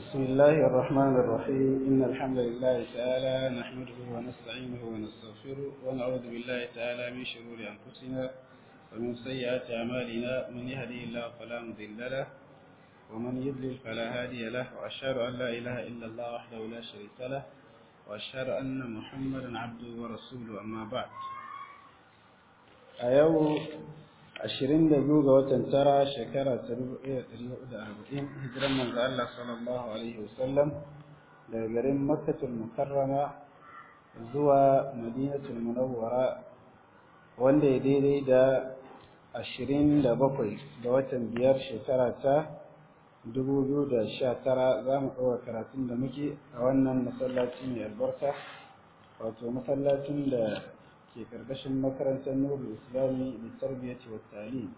بسم الله الرحمن الرحيم إن الحمد لله تعالى نحمده ونستعينه ونستغفره ونعوذ بالله تعالى من شرور أنفسنا ومن سيئات أعمالنا من يهدي الله فلا مضل له ومن يضلل فلا هادي له وأشهد أن لا إله إلا الله وحده لا شريك له وأشهد أن محمدا عبده ورسوله أما بعد أيوه ashirin da biyu ga watan tara shekara ta dubu ɗaya da ɗari hudu da arba'in hijiran manzo Allah sallallahu alaihi wasallam daga garin makkatul mukarrama zuwa madinatul munawwara wanda ya daidai da ashirin da bakwai ga watan biyar shekara ta dubu biyu da sha tara za mu ɗaura karatun da muke a wannan masallaci mai albarka wato masallacin da ke karkashin makarantar nurul islami da tarbiyyati wa ta'lim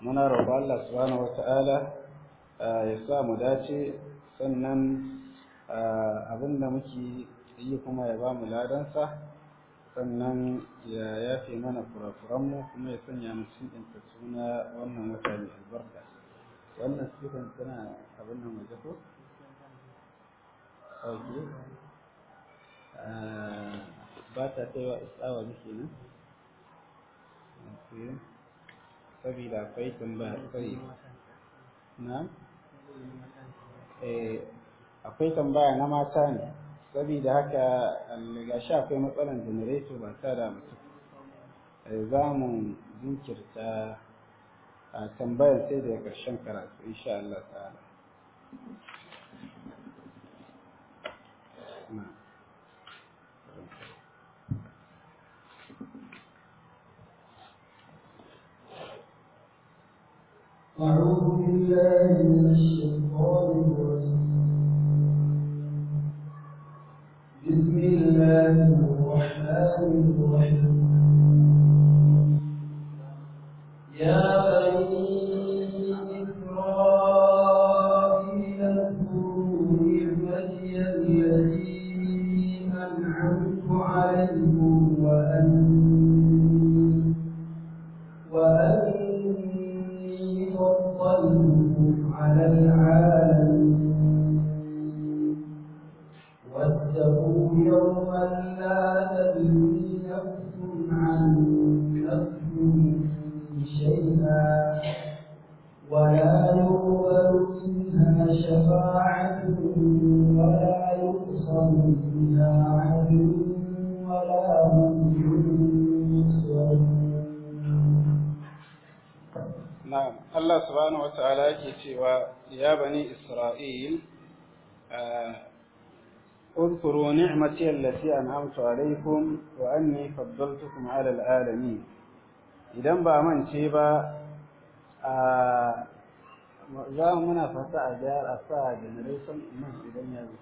muna roƙo Allah subhanahu wa ta'ala ya sa mu dace sannan abinda muke yi kuma ya ba mu ladansa sannan ya yafe mana kurakuranmu kuma ya sanya mu cikin ɗinta suna wannan wata mai albarka wannan sifan tana abin nan waje ko? ok ba ta kaiwa isawali kenan sabida akwai tambayar kai na eh akwai tambaya na mata ne sabida haka um, ga sha akwai matsalan generator ba ta da mutum eh, za mu jinkirta a tambayar sai da ƙarshen karatu insha Allah ta'ala أعوذ بالله من الشيطان الرجيم بسم الله الرحمن الرحيم يا بني عليكم وأنتم أنعمت عليكم وأني فضلتكم على العالمين idan ba mance ba a za mu muna fata a jihar a sa generation imam idan ya zo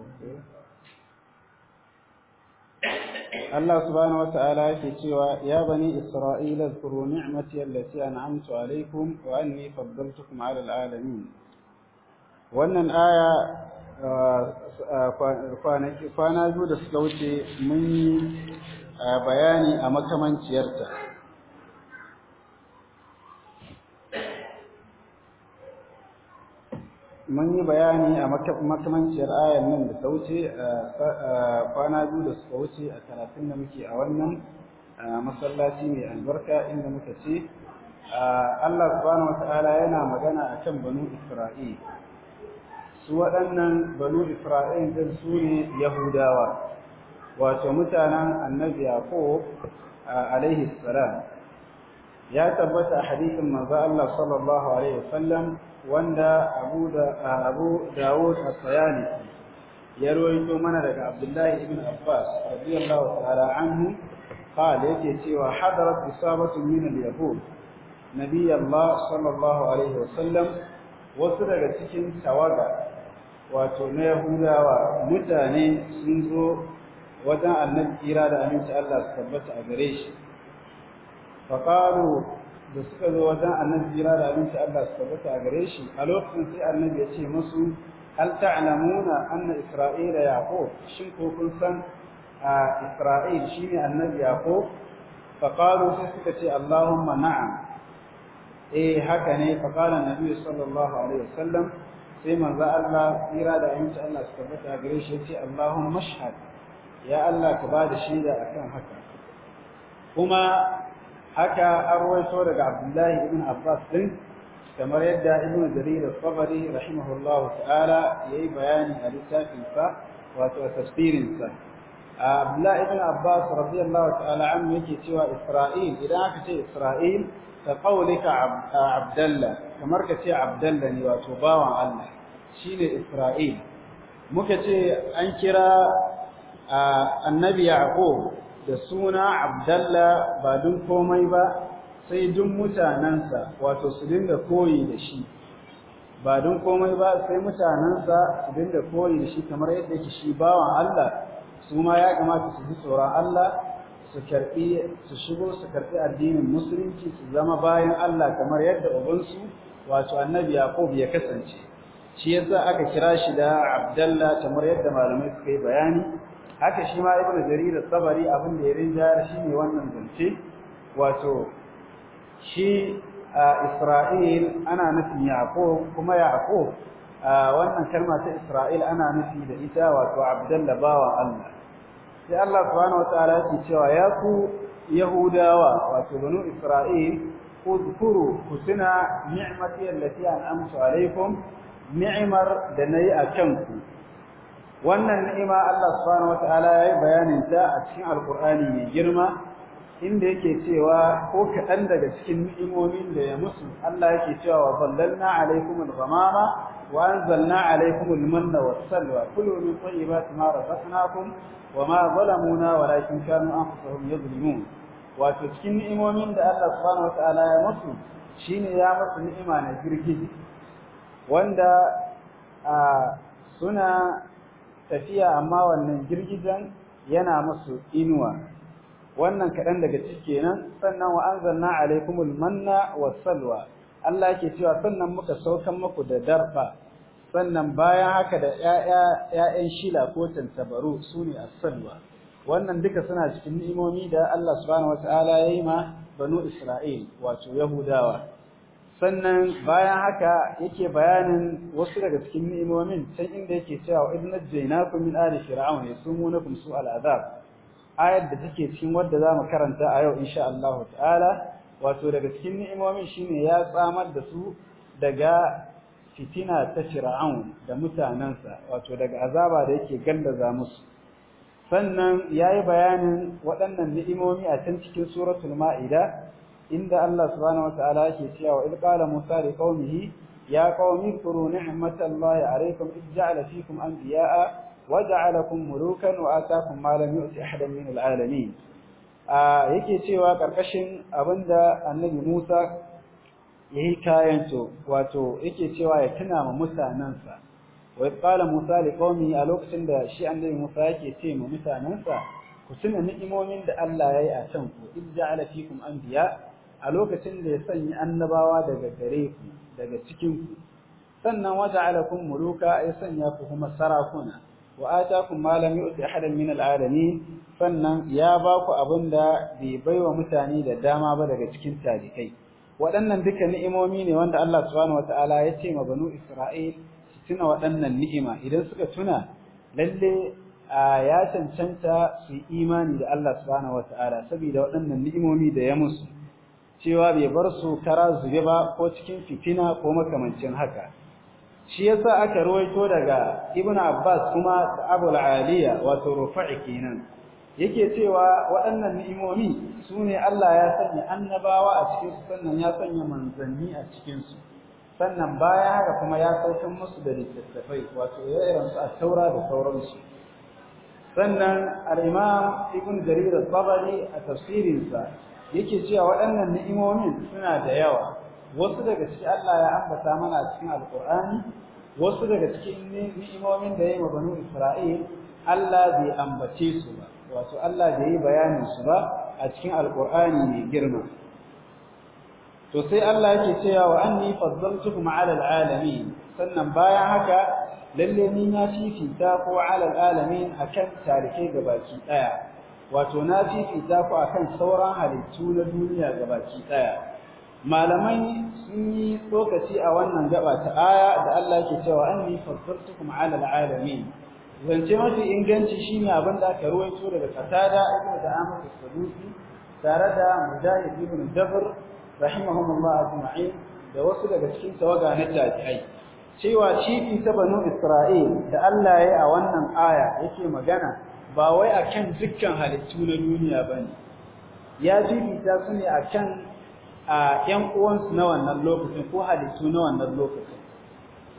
Okay. Allah subhanahu wata'ala yake cewa ya bani Isra'ila zkuru ni'mati allati an'amtu alaikum wa anni faddaltukum 'ala alamin wannan aya kwanaki kwana biyu da suka wuce mun yi eh, bayani a makamanciyarta mun yi bayani a makamanciyar ayan nan da ta wuce kwana biyu da suka wuce a karatun da muke a wannan masallaci mai albarka inda muka ce Allah subhanahu Ta'ala yana magana a kan banu Isra'il su waɗannan banu Isra'il ɗin su ne Yahudawa wato mutanen annabi Yaqub alaihi salam ya tabbata a hadisin manzo Allah sallallahu alaihi wasallam wanda abu da abu dawud as-sayani ya rawaito mana daga abdullahi ibn abbas radiyallahu ta'ala anhu قال yake cewa hadarat isabatu min al-yahud nabiyullah sallallahu alaihi wasallam wasu daga cikin tawaga wato na Yahudawa mutane sun zo wajen annabi kira da aminci Allah su tabbata a gare shi qalu da suka zo wajen annabi jira da abinci Allah su tabbata a gare shi a lokacin sai annabi ya ce musu hal ta'lamuna anna isra'ila yaqub shin ko kun san isra'il shine annabi yaqub fa qalu sai suka ce allahumma na'am eh haka ne fa qala annabi sallallahu alaihi wasallam sai manzo Allah jira da abinci Allah su tabbata gare shi ya ce allahumma ashhad ya Allah ka bada shaida akan haka kuma haka an rawaito daga Abdullahi ibn Abbas din kamar yadda Ibn Jarir al-Tabari rahimahullahu ta'ala yayi bayani a littafin sa wato tafsirin sa Abdullahi ibn Abbas radiyallahu ta'ala an yake cewa Isra'il idan aka ce Isra'il ta qaulika abdallah kamar ka ce abdallah ne wato bawan Allah shine Isra'il muka ce an kira annabi Yaqub da suna abdalla ba dun komai ba sai dun mutanansa wato su dinga koyi da shi ba dun komai ba sai mutanansa su dinga koyi da shi kamar yadda yake shi bawan Allah su ma ya kamata su ji tsoron Allah su karbi su shigo su karbi addinin musulunci su zama bayan Allah kamar yadda ubansu wato annabi Yaqub ya kasance shi yasa aka kira shi da abdalla kamar yadda malamai suka yi bayani haka shi ma ibnu jarir sabari abin da ya rinjayar shine wannan zance wato shi Isra'il ana nufin Yaqub kuma Yaqub wannan kalma ta Isra'il ana nufi da ita wato Abdullah bawa Allah sai Allah subhanahu wataala yake cewa ya ku Yahudawa wato banu Isra'il uzkuru kusina ni'mati allati an'amtu alaikum ni'mar da nayi a kanku wannan ni'ima Allah subhanahu wataala yayi bayanin ta a cikin al alqur'ani mai girma inda yake cewa ko kaɗan daga cikin ni'imomin da ya musu Allah yake cewa wa zallalna alaikumul ghamama wa anzalna alaikumul manna wassalwa kulu min tayyibati ma razaqnakum wa ma zalamuna walakin kanu anfusahum yadhlimun wato cikin ni'imomin da Allah subhanahu wataala ya musu shine ya musu ni'ima na girgiji wanda suna tafiya amma wannan girgizan yana musu inuwa wannan kaɗan daga ciki kenan sannan wa anzalna alaikumul manna wassalwa Allah yake cewa sannan muka saukan muku da darfa sannan bayan haka da ƴaƴan shila ko tantabaru sune as-salwa wannan duka suna cikin ni'imomi da Allah subhanahu wataala ya yi ma banu Isra'il wato Yahudawa sannan bayan haka yake bayanin wasu daga cikin ni'imomin can inda yake cewa idna jaynakum min ali fir'aun yasumunakum su al'azab ayat da take cikin wadda zamu karanta a yau insha Allah ta'ala wato daga cikin ni'imomin shine ya tsamar da su daga fitina ta fir'aun da mutanansa wato daga azaba da yake gallaza musu sannan yayi bayanin waɗannan ni'imomi a can cikin suratul ma'ida inda Allah subhanahu wataala yake cewa idh qala Musa li qaumihi ya furu qaumi kuru ni'matallahi alaykum idh ja'ala fikum anbiya'a wa ja'alakum mulukan wa ataakum ma lam yu'ti ahadan min al'alamin yake cewa ƙarƙashin abin da annabi Musa ya yi kayan kayanto wato yake cewa ya tuna ma mutanansa wa idh qala Musa li qaumihi a lokacin da shi annabi Musa yake ce ma mutanansa ku tuna ni'imomin da Allah ya yi a can ku ija idh ja'ala an biya. a lokacin da ya sanya annabawa daga gare ku daga cikin ku sannan waja'alakum muluka ya sanya ku kuma sarakuna wa atakum ma lam yu'ti ahadan min al'alamin sannan ya ba ku da bai baiwa mutane da dama ba daga cikin talikai waɗannan duka ni'imomi ne wanda Allah subhanahu wataala ya ce ma banu Isra'il su tuna waɗannan ni'ima idan suka tuna lalle ya cancanta su imani da Allah subhanahu wataala saboda waɗannan ni'imomi da ya musu cewa bai bar su kara zube ba ko cikin fitina ko makamancin haka shi yasa aka ruwaito daga ibn abbas kuma da abul aliya wato rufa'i kenan yake cewa waɗannan ni'imomi ne Allah ya sanya annabawa a cikin su sannan ya sanya manzanni a cikin su sannan baya haka kuma ya saukan musu da littattafai wato ya irin su a taura da sauransu sannan al-imam ibn jarir al-tabari a tafsirinsa yake cewa waɗannan ni'imomin suna da yawa wasu daga ciki Allah ya ambata mana a cikin alkur'ani wasu daga cikin ni'imomin da ya yi wa banu isra'il Allah bai ambace su ba wato Allah bai yi bayanin su ba a cikin alkur'ani mai girma to sai Allah yake cewa wa anni faddaltukum ala sannan bayan haka lalle ni na fifita ko ala alalamin akan tarikai gabaki daya wato na fifita ku akan sauran halittu na duniya gabaki daya malamai sun yi tsokaci a wannan gaba ta aya da Allah ke cewa anni faddaltukum ala alamin zance mafi inganci shine abin da aka ruwaito daga Qatada ibn da Amadu sadusi tare da Mujahid ibn Jabr rahimahumullah ajma'in da wasu daga cikin tawaga na tabi'ai cewa cibi ta banu Isra'il da Allah ya a wannan aya yake magana ba wai akan dukkan halittu na duniya bane ya fifita su ne akan a ƴan uwansu na wannan lokacin ko halittu na wannan lokacin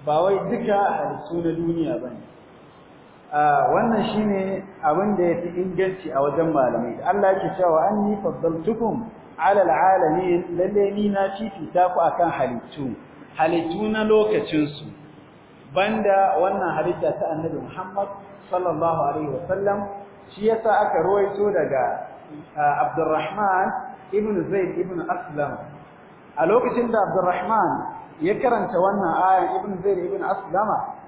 ba wai duka halittu na duniya bane wannan shine abin da yafi inganci a wajen malamai Da Allah yake cewa anni faddaltukum ala alalamin lalle ni na fifita ku akan halittu halittu na lokacinsu. banda wannan halitta ta Annabi Muhammad sallallahu alaihi wasallam shi yasa aka ruwaito daga Abdurrahman ibn Zaid ibn Aslam a lokacin da Abdurrahman ya karanta wannan ayan ibn Zaid ibn Aslama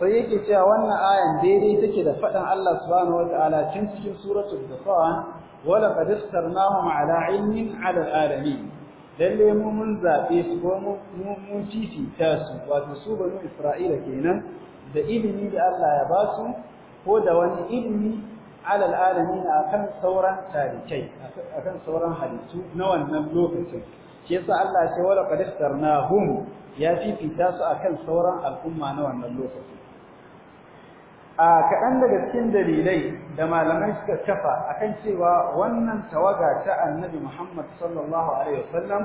sai yake cewa wannan ayan daidai take da fadan Allah subhanahu wataala tun cikin suratul Dukhan wala qad ikhtarnahum ala ilmin ala alamin lalle mu mun zabe su ko mu mun fifita su wato su banu Isra'ila kenan da ilimi da Allah ya ba su ko da wani ilmi alal alamin akan sauran tarikai akan sauran halittu na wannan lokacin shi yasa Allah ya ce wala qad istarnahum ya fifita su akan sauran al'umma na wannan lokacin a kaɗan daga cikin dalilai da malamai suka kafa akan cewa wannan tawaga ta annabi Muhammad sallallahu alaihi wasallam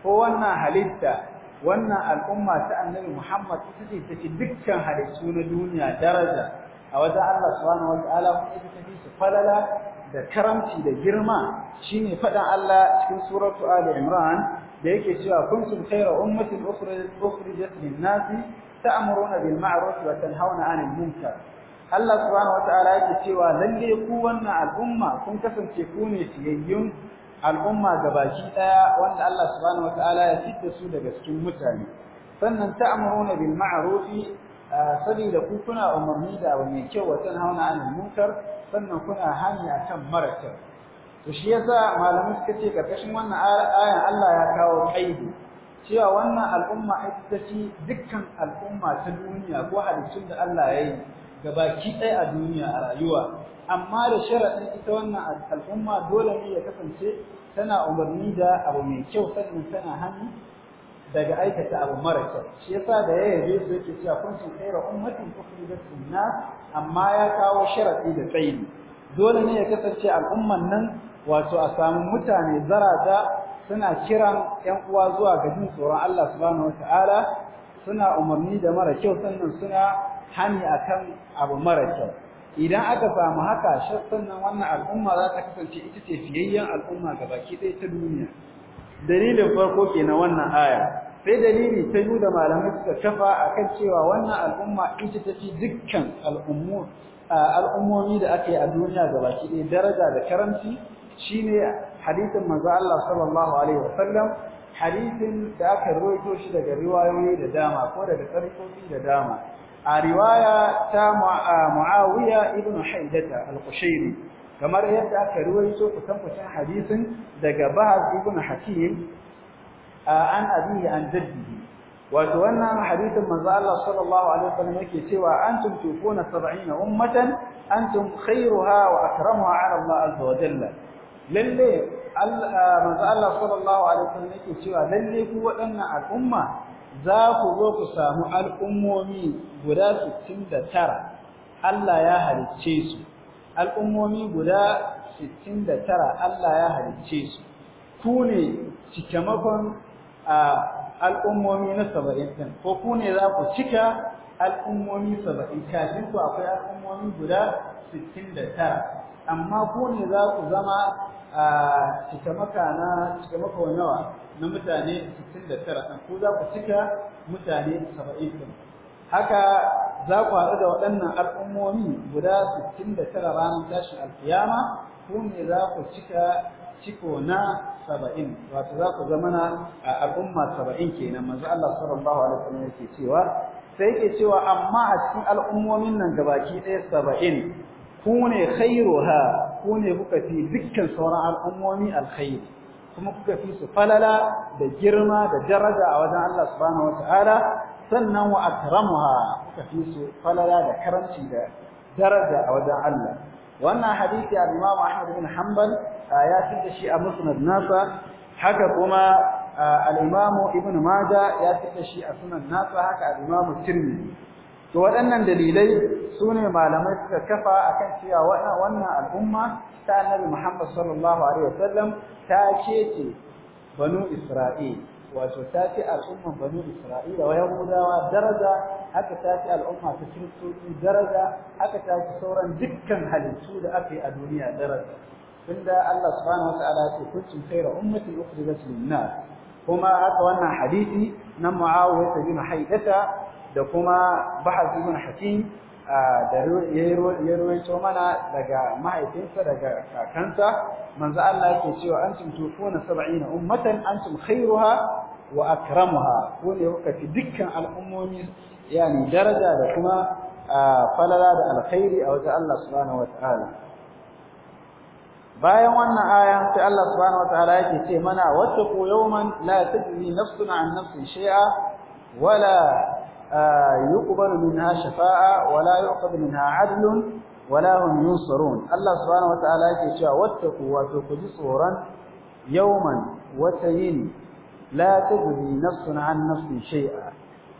ko wannan halitta wannan al'umma ta annabi Muhammad ita ce take dukkan halittu na duniya daraja a wajen Allah subhanahu wataala kuma ita tafi su falala da karamci da girma shine fadan Allah cikin suratu Ali Imran da yake cewa kuntum khayra ummatin ukhrijat lin-nas ta'muruna bil ma'ruf wa tanhauna 'anil munkar Allah subhanahu wataala yake cewa lalle ku wannan al'umma kun kasance ku ne tiyayyun al'umma gabaki daya wanda Allah subhanahu wataala ya fitta su daga cikin mutane sannan ta'muruna bil ma'ruf Ah, saboda ku kuna umarni da abu mai kyau wa tanhauna anil munkar sannan kuna hani akan mara kyau to shi yasa malamai suka ce karkashin wannan ayan Allah ya kawo kaidi cewa wannan al'umma ita ce dukkan al'umma ta duniya ko halittun da Allah ya yi gabaki ɗaya a duniya a rayuwa amma da sharaɗin ita wannan al'umma dole ne ya kasance tana umarni da abu mai kyau sannan tana hannu. daga aikata abu mara kyau shi yasa da ya zai su yake cewa kuntum khayra ummatin da nas amma ya kawo sharadi da tsayi dole ne ya kasance al'umman nan wato a samu mutane zarata suna kiran 'yan uwa zuwa ga jin tsoron Allah subhanahu wataala suna umarni da mara kyau sannan suna hani a kan abu mara kyau idan aka samu haka sannan wannan al'umma za ta kasance ita ce fiyayyen al'umma gabaki ɗaya ta duniya dalilin farko kenan wannan aya sai dalili ta biyu da malamai suka kafa akan cewa wannan al'umma ita tafi dukkan al'ummu al'ummomi da ake a duniya gabaki ɗaya daraja da karamci shine hadisin manzo Allah sallallahu alaihi wasallam hadisin da aka rawaito shi daga riwayoyi da dama ko daga tsarikoki da dama a riwaya ta Muawiya ibn Haidata al-Qushayri kamar yadda aka ruwaito kusan kusan hadisin daga Bahar ibn Hakim an abihi an jaddihi wato wannan hadisin manzo Allah sallallahu alaihi wasallam yake cewa antum tufuna 70 ummatan antum khairuha wa akramuha ala Allah azza wa jalla lalle manzo Allah sallallahu alaihi wasallam yake cewa lalle ku waɗannan al'umma za ku zo ku samu al'ummomi guda 69 Allah ya halicce su al'ummomi guda 69 Allah ya halicce su ku ne cike makon al'ummomi na 70 ko ku ne za ku cika al'ummomi 70 kafin ku akwai al'ummomi guda 69 amma ku ne za ku zama cike maka na cike maka nawa na mutane 69 ku za ku cika mutane 70 haka za ku haɗu da waɗannan al'ummomi guda 69 ranar tashin alkiyama ku ne za ku cika ciko na 70 wato za ku zama na al'umma 70 kenan manzo Allah sallallahu alaihi wasallam yake cewa sai yake cewa amma a cikin al'ummomin nan gabaki ɗaya 70 ku ne Kune ku ne kuka fi dukkan sauran al'ummomi alkhairi kuma kuka fi su falala da girma da daraja a wajen Allah subhanahu sannan wa akramuha kuka fi su falala da karanci da daraja a wajen Allah wannan hadisi a imam Ahmad bin Hanbal ya fitta shi a Musnad nasa haka kuma al-Imam Ibn Majah ya fitta shi a Sunan nasa haka al-Imam Tirmidhi to waɗannan dalilai sune malamai suka kafa akan cewa wannan al'umma ta Annabi Muhammad sallallahu alaihi wasallam ta ce Banu Isra'il wato ta fi al'umman banu isra'ila wa yahudawa daraja haka ta al'umma ta kiristoci daraja haka ta fi sauran dukkan halittu da aka yi a duniya daraja tunda Allah subhanahu wa ta'ala ce kuntum khayra ummatin ukhrijat lin-nas kuma haka wannan hadisi na Muawiya bin Haidata da kuma Bahaz bin Hakim da ya ruwaito mana daga mahaifinsa daga kakansa manzo Allah yake cewa antum tufuna 70 ummatan antum khairuha wa akramuha ko ne kuka fi dukkan al'ummomi yani daraja da kuma falala da alkhairi a wajen Allah subhanahu wataala bayan wannan aya sai Allah subhanahu wataala yake ce mana wattaqu yawman la tajzi nafsun an nafsin shay'a wala يقبل منها شفاعة ولا يعقد منها عدل ولا هم ينصرون الله سبحانه وتعالى yake cewa wattaku wato ku ji tsoron yawman wata yini la tajzi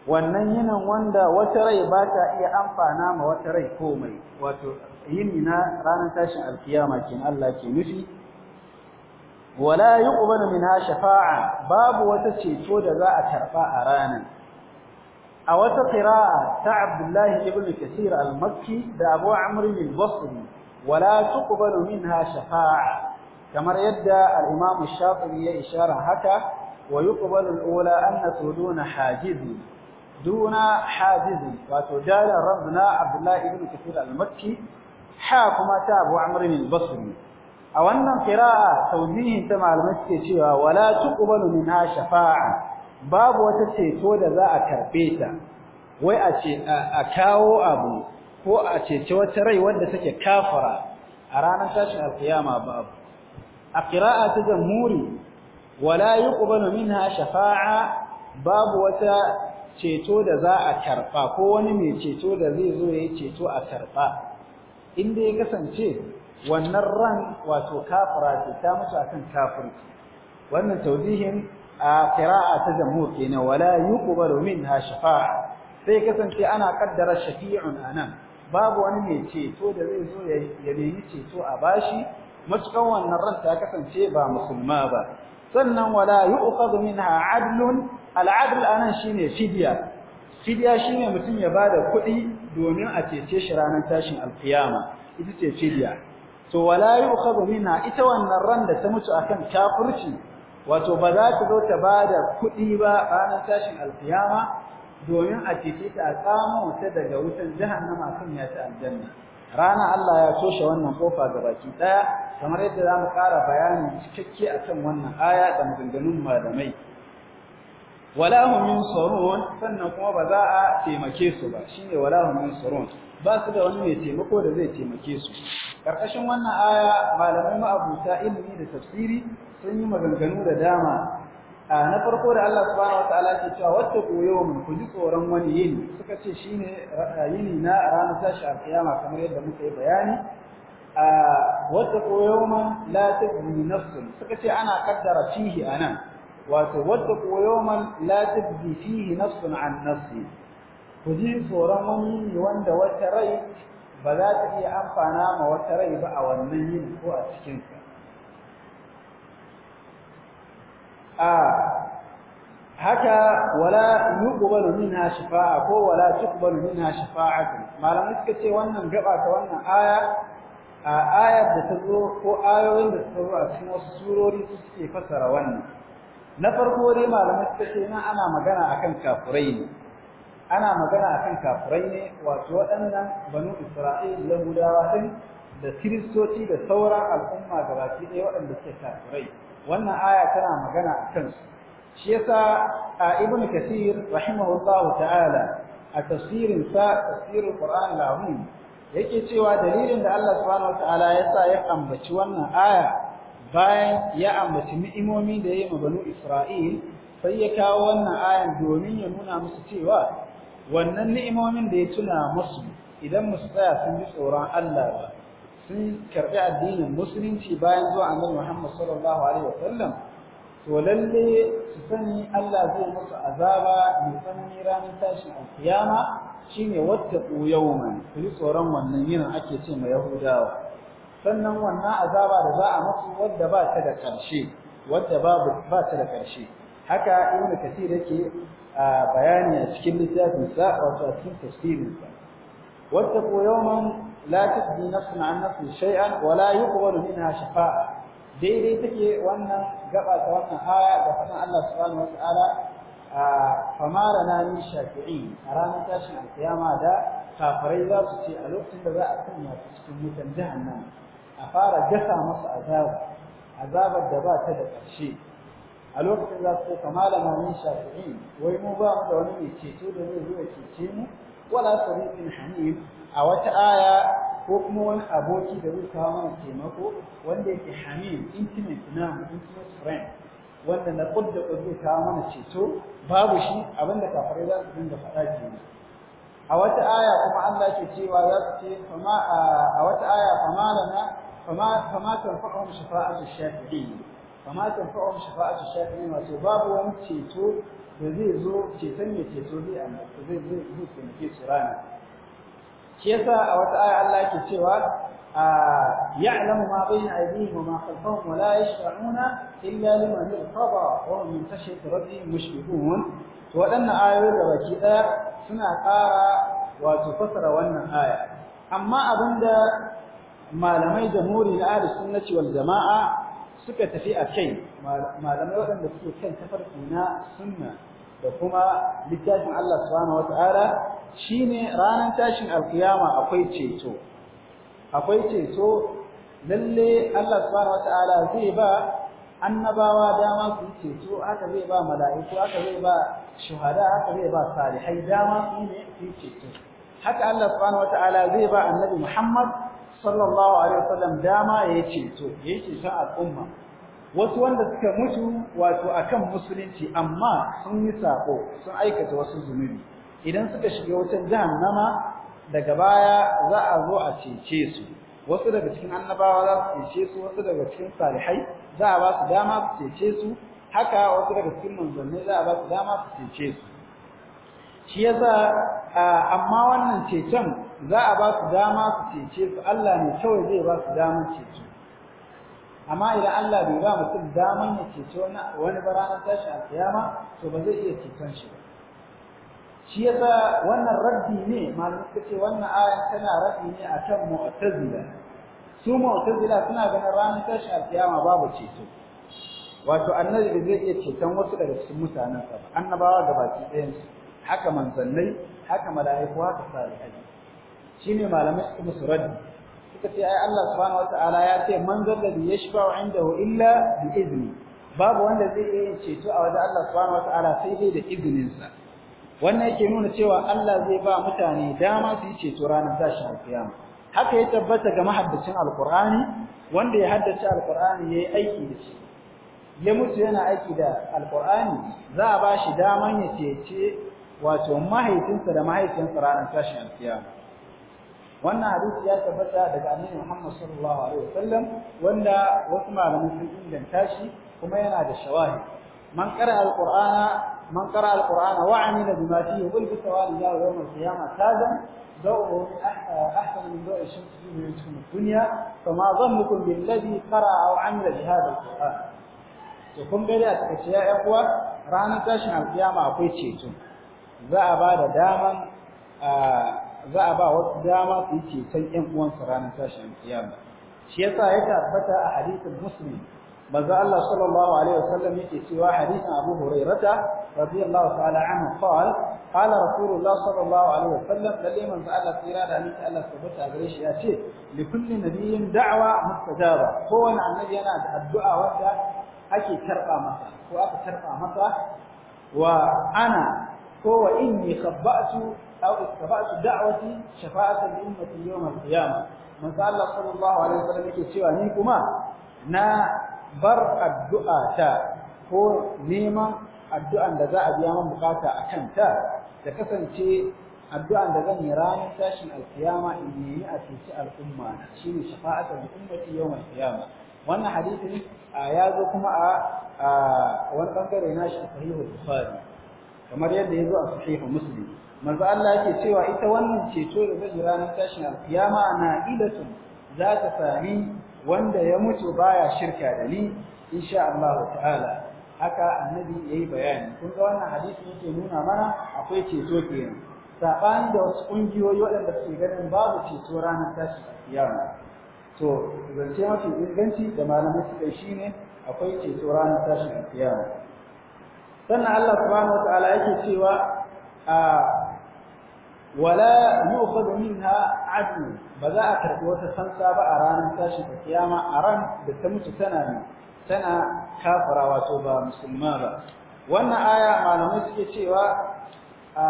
wannan yinin wanda wata rai ba ta iya amfana ma wata rai komai wato yini na ranar tashin alkiyama kin Allah ke nufi wala yuqbalu minha shafa'a babu wata ceto da za a karba a ranar a wata qira'a ta Abdullahi ibn Kathir al-Makki da Abu Amr al-Basri wala tuqbalu minha shafa'a kamar yadda al-Imam Shafi'i ya ishara haka wa yuqbalu al-ula anna tuduna hajizi duna hajizi wato dala rabbuna Abdullahi ibn Kathir al-Makki ha kuma ta Abu Amr al-Basri a wannan qira'a tawjihin ta malamai suke cewa wala tuqbalu minha shafa'a babu wata ceto da za a karbe ta wai a ce a kawo abu ko a cece wata rai wanda take kafara a ranar tashin alkiyama babu a qira'a ta jamhuri wala yuqbalu minha shafa'a babu wata ceto da za a karba ko wani mai ceto da zai zo yayi ceto a karba inda ya kasance wannan ran wato kafara ce ta mutu akan kafirci wannan taudihin a kira'a ta jamhur kenan wala yuqbalu minha shafa'a sai kasance ana kaddara shafi'un anan babu wani mai ceto da zai zo ya nemi ceto a bashi matukan wannan ran ta kasance ba musulma ba sannan wala yuqadu minha adlun al'adl anan shine fidya fidya shine mutum ya bada kuɗi domin a cece shi ranar tashin alkiyama ita ce fidya to wala yuqadu minha ita wannan ran da ta mutu akan kafirci wato ba za ta zo ta ba da kuɗi ba ranar tashin alkiyama domin a cece ta a tsamo ta daga wutan jahannama kan ya ta aljanna rana Allah ya toshe wannan kofa ga baki daya kamar yadda zamu ƙara bayani cikakke akan wannan aya da maganganun malamai wala hum yansurun sannan kuma ba za a taimake su ba shine wala hum yansurun ba su da wani mai taimako da zai taimake su karkashin wannan aya malamai ma'abuta ilimi da tafsiri sun yi maganganu da dama a na farko da Allah subhanahu wataala ke cewa koyo mun ku ji tsoron wani yini suka ce shine yini na ranar tashi alkiyama kamar yadda muka yi bayani a koyo mun la tajzi nafsun suka ce ana kaddara fihi anan wato koyo mun la tajzi fihi nafsun an nafsi ku ji tsoron wani yini wanda wata rai ba za ta iya amfana ma wata rai ba a wannan yini ko a cikinsa haka wala yuqbalu minha shafa'a ko wala tuqbalu minha shafa'atu malamai suka ce wannan gaba ta wannan aya a ayar da ta zo ko ayoyin da suka zo a cikin wasu surori su suke fasara wannan na farko dai malamai suka ce nan ana magana akan kafurai ne ana magana akan kafurai ne wato waɗannan banu isra'il yahudawa din da kiristoci da sauran al'umma gabaki ɗaya waɗanda suke kafurai wannan aya tana magana a kansu shi yasa ibnu kathir rahimahullahu ta'ala a tafsirin sa tafsirul qur'an lahum yake cewa dalilin da Allah subhanahu wataala ya sa ya ambaci wannan aya bayan ya ambaci ni'imomi da yayi ma banu Isra'il sai ya kawo wannan ayan domin ya nuna musu cewa wannan ni'imomin da ya tuna musu idan musu tsaya sun bi tsoron Allah ba sun karɓi addinin musulunci bayan zuwa annabi Muhammad sallallahu alaihi sallam, to lalle su sani Allah zai musu azaba mai tsanani ranar tashin kiyama shine wattaqu yawman kuli tsoron wannan yinin ake ce ma yahudawa sannan wannan azaba da za a musu wadda ba ta da ƙarshe, wadda babu ba ta da karshe haka yake bayani a cikin littafinsa wato a cikin tafsirin sa wattaqu yawman la tajzi nafsun an shai'a. Wala wa la yuqbalu minha shafa'a daidai take wannan gaba ta wannan aya da fadin Allah subhanahu wa ta'ala fama na min shafi'i a ranar tashin alkiyama da kafirai za su ce a lokacin da za a sanya su cikin wutan jahannama a fara gasa masa azaba azabar da ba ta da ƙarshe a lokacin za su ce kama da shafi'i, wai mu ba mu da wani mai ceto da zai zo ya cece mu wala sariqin hamim a wata aya ko kuma wani aboki da zai kawo mana taimako wanda yake hamil intimate na intimate friend wanda na kudda zai kawo mana ceto babu shi abin da kafirai za su dinga faɗa kenan a wata aya kuma Allah ke cewa za su ce fama a wata aya fama lana fama fama tanfa'uhum shafa'atu shafi'in fama tanfa'uhum shafa'atu shafi'in wato babu wani ceto da zai zo ceton mai ceto zai amma zai zai zai taimake su rana shi yasa a wata aya Allah yake cewa ya'lamu ma bayna aydihim wa ma khalfahum wa la yashfa'una illa liman irtada wa hum min khashyati rabbihim mushrikun to wadannan ayoyi da baki daya suna ƙara wato fasara wannan aya amma abinda malamai jamhuri na ahlus sunnati wal jama'a suka tafi a kai malamai waɗanda suke kan tafarki na sunna da kuma littafin Allah subhanahu wataala shine ranan tashin alkiyama akwai ceto akwai ceto lalle Allah subhanahu wataala zai ba annabawa dama su yi ceto haka zai ba mala'iku haka zai ba shuhada haka zai ba salihai dama su ne su yi ceto haka Allah subhanahu wataala zai ba annabi Muhammad sallallahu alaihi wasallam dama ya yi ceto ya yi ceton al'umma wasu wanda suka mutu wato akan musulunci amma sun yi sako sun aikata wasu zunubi idan suka shiga wutar jahannama daga baya za a zo a cece su wasu daga cikin annabawa za su cece su wasu daga cikin salihai za a ba su dama su cece su haka wasu daga cikin manzanni za a ba su dama su cece su shi yasa amma wannan cecen za a ba su dama su cece su Allah ne kawai zai ba su dama cece amma idan Allah bai ba mutum daman ya cece wani ba ranar tashi alkiyama to ba zai iya ceton shi ba shi yasa wannan raddi ne malamin suka ce wannan aya tana raddi ne akan mu'tazila su mu'tazila suna ganin ranar tashi alkiyama babu ceto wato annabi da zai iya ceton wasu daga cikin mutanen sa annabawa da baki ɗayan su haka manzannai haka mala'iku haka salihai shine malamai su musu raddi suka ce ai Allah subhanahu wataala ya ce man zalladhi yashfa'u indahu illa bi izni babu wanda zai iya ceto a wajen Allah subhanahu wataala sai dai da izinin sa wannan yake nuna cewa Allah zai ba mutane dama su yi ceto ranar tashin alkiyama haka ya tabbata ga mahaddacin alqur'ani wanda ya haddace alqur'ani yayi aiki da shi ya mutu yana aiki da alqur'ani za a ba shi daman ya cece wato mahaifinsa da mahaifinsa ranar tashin alkiyama wannan hadisi ya tabbata daga annabi Muhammad sallallahu alaihi wasallam wanda wasu malamai sun inganta shi kuma yana da shawahi man qara alqur'ana man qara alqur'ana wa amila bima fihi wal bisawali ya yawm alqiyamah tazan ضوء a من ضوء الشمس في الدنيا فما ظنكم بالذي قرأ أو عمل بهذا القرآن تكون قد أتكت يا إخوة رانا تشمع القيامة أقوي تشيتم ذا أباد داما za a ba wasu dama su yi ceton ƴan uwansu ranar tashin kiyama shi ya yasa ya tabbata a hadisin muslim Maza Allah sallallahu alaihi wasallam yake cewa hadisin Abu Hurairata radiyallahu ta'ala anhu qala qala Rasulullah sallallahu alaihi wasallam lalle manzo Allah tsira da annabi Allah tabbata gare shi ya ce li kulli nabiyyin da'wa mustajaba Kowane annabi yana da addu'a wanda ake karba masa ko aka karba masa wa ana ko wa inni khabba'tu أو استفعت دعوتي شفاعة لأمتي يوم القيامة من سأل الله صلى الله عليه وسلم ta نيكما نا addu'an الدعاء تا هو نيما الدعاء لذا a بقاتا ta da kasance addu'an da zan yi ranar tashin alkiyama in yi a cuci al'umma na shi ne shafa'atar al'ummati yau mai wannan hadisin ya zo kuma a wani bangare na shi sahihul bukhari kamar yadda ya zo a sahihul muslim manzo Allah yake cewa ita wannan ceto da zai ranar tashin alkiyama na idatun za ta sami wanda ya mutu baya shirka da ni insha Allah ta'ala haka annabi yayi bayani kun ga wannan hadisi yake nuna mana akwai ceto kenan sabani da wasu kungiyoyi waɗanda suke ganin babu ceto ranar tashin alkiyama to zance mafi inganci da malamai suka shine akwai ceto ranar tashin alkiyama sannan Allah subhanahu wataala yake cewa a wala yu'khadhu minha 'adl ba za a karbi wata sansa ba a ranar tashin kiyama a da ta mutu tana tana kafara ba musulma ba wannan aya malamai suke cewa a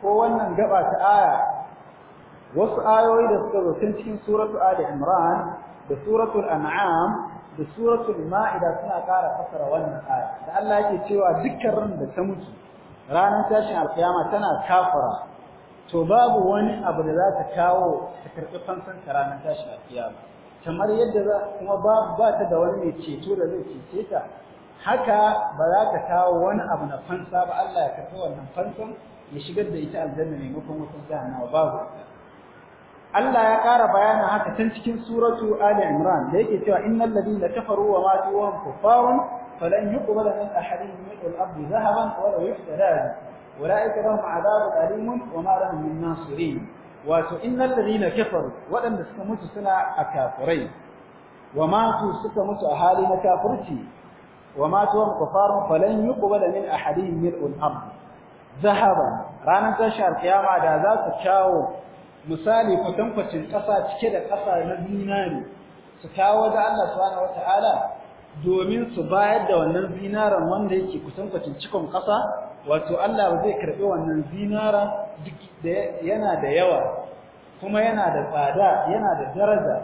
ko wannan gaba ta aya wasu ayoyi da suka zo cikin suratu ali imran da suratul an'am da suratul ma'ida suna ƙara fasara wannan aya da Allah ke cewa dukkan ran da ta mutu ranar tashin alkiyama tana kafara to babu wani abu da za ta kawo ka karɓi fansan ka ranar tashin alkiyama kamar yadda za kuma ba ba ta da wani mai ceto da zai cece ta haka ba za ka kawo wani abu na fansa ba Allah ya karɓi wannan fansan ya shigar da ita aljanna maimakon wutar jahannama babu Allah ya ƙara bayanin haka tun cikin suratu Ali Imran da yake cewa innal ladina kafaru wa matu wa hum kuffarun falan yuqbala min ahadihim mil'ul ardi dhahaban wa la yuhtada أولئك لهم عذاب أليم وما لهم من ناصرين وإن الذين كفروا ولم يسكمت سنة أكافرين وماتوا سكمت أهالي مكافرتي وماتوا كفار فلن يقبل من أحدهم ملء الأرض ذهبا رانا تشعر قيامة ذات تشاو misali kwatankwacin ƙasa cike da ƙasa na zinari su kawo da Allah subhanahu wata'ala domin su bayar da wannan zinaran wanda yake kwatankwacin cikon ƙasa wato Allah ba zai karbi wannan zinara duk da yana da yawa kuma yana da tsada yana da daraja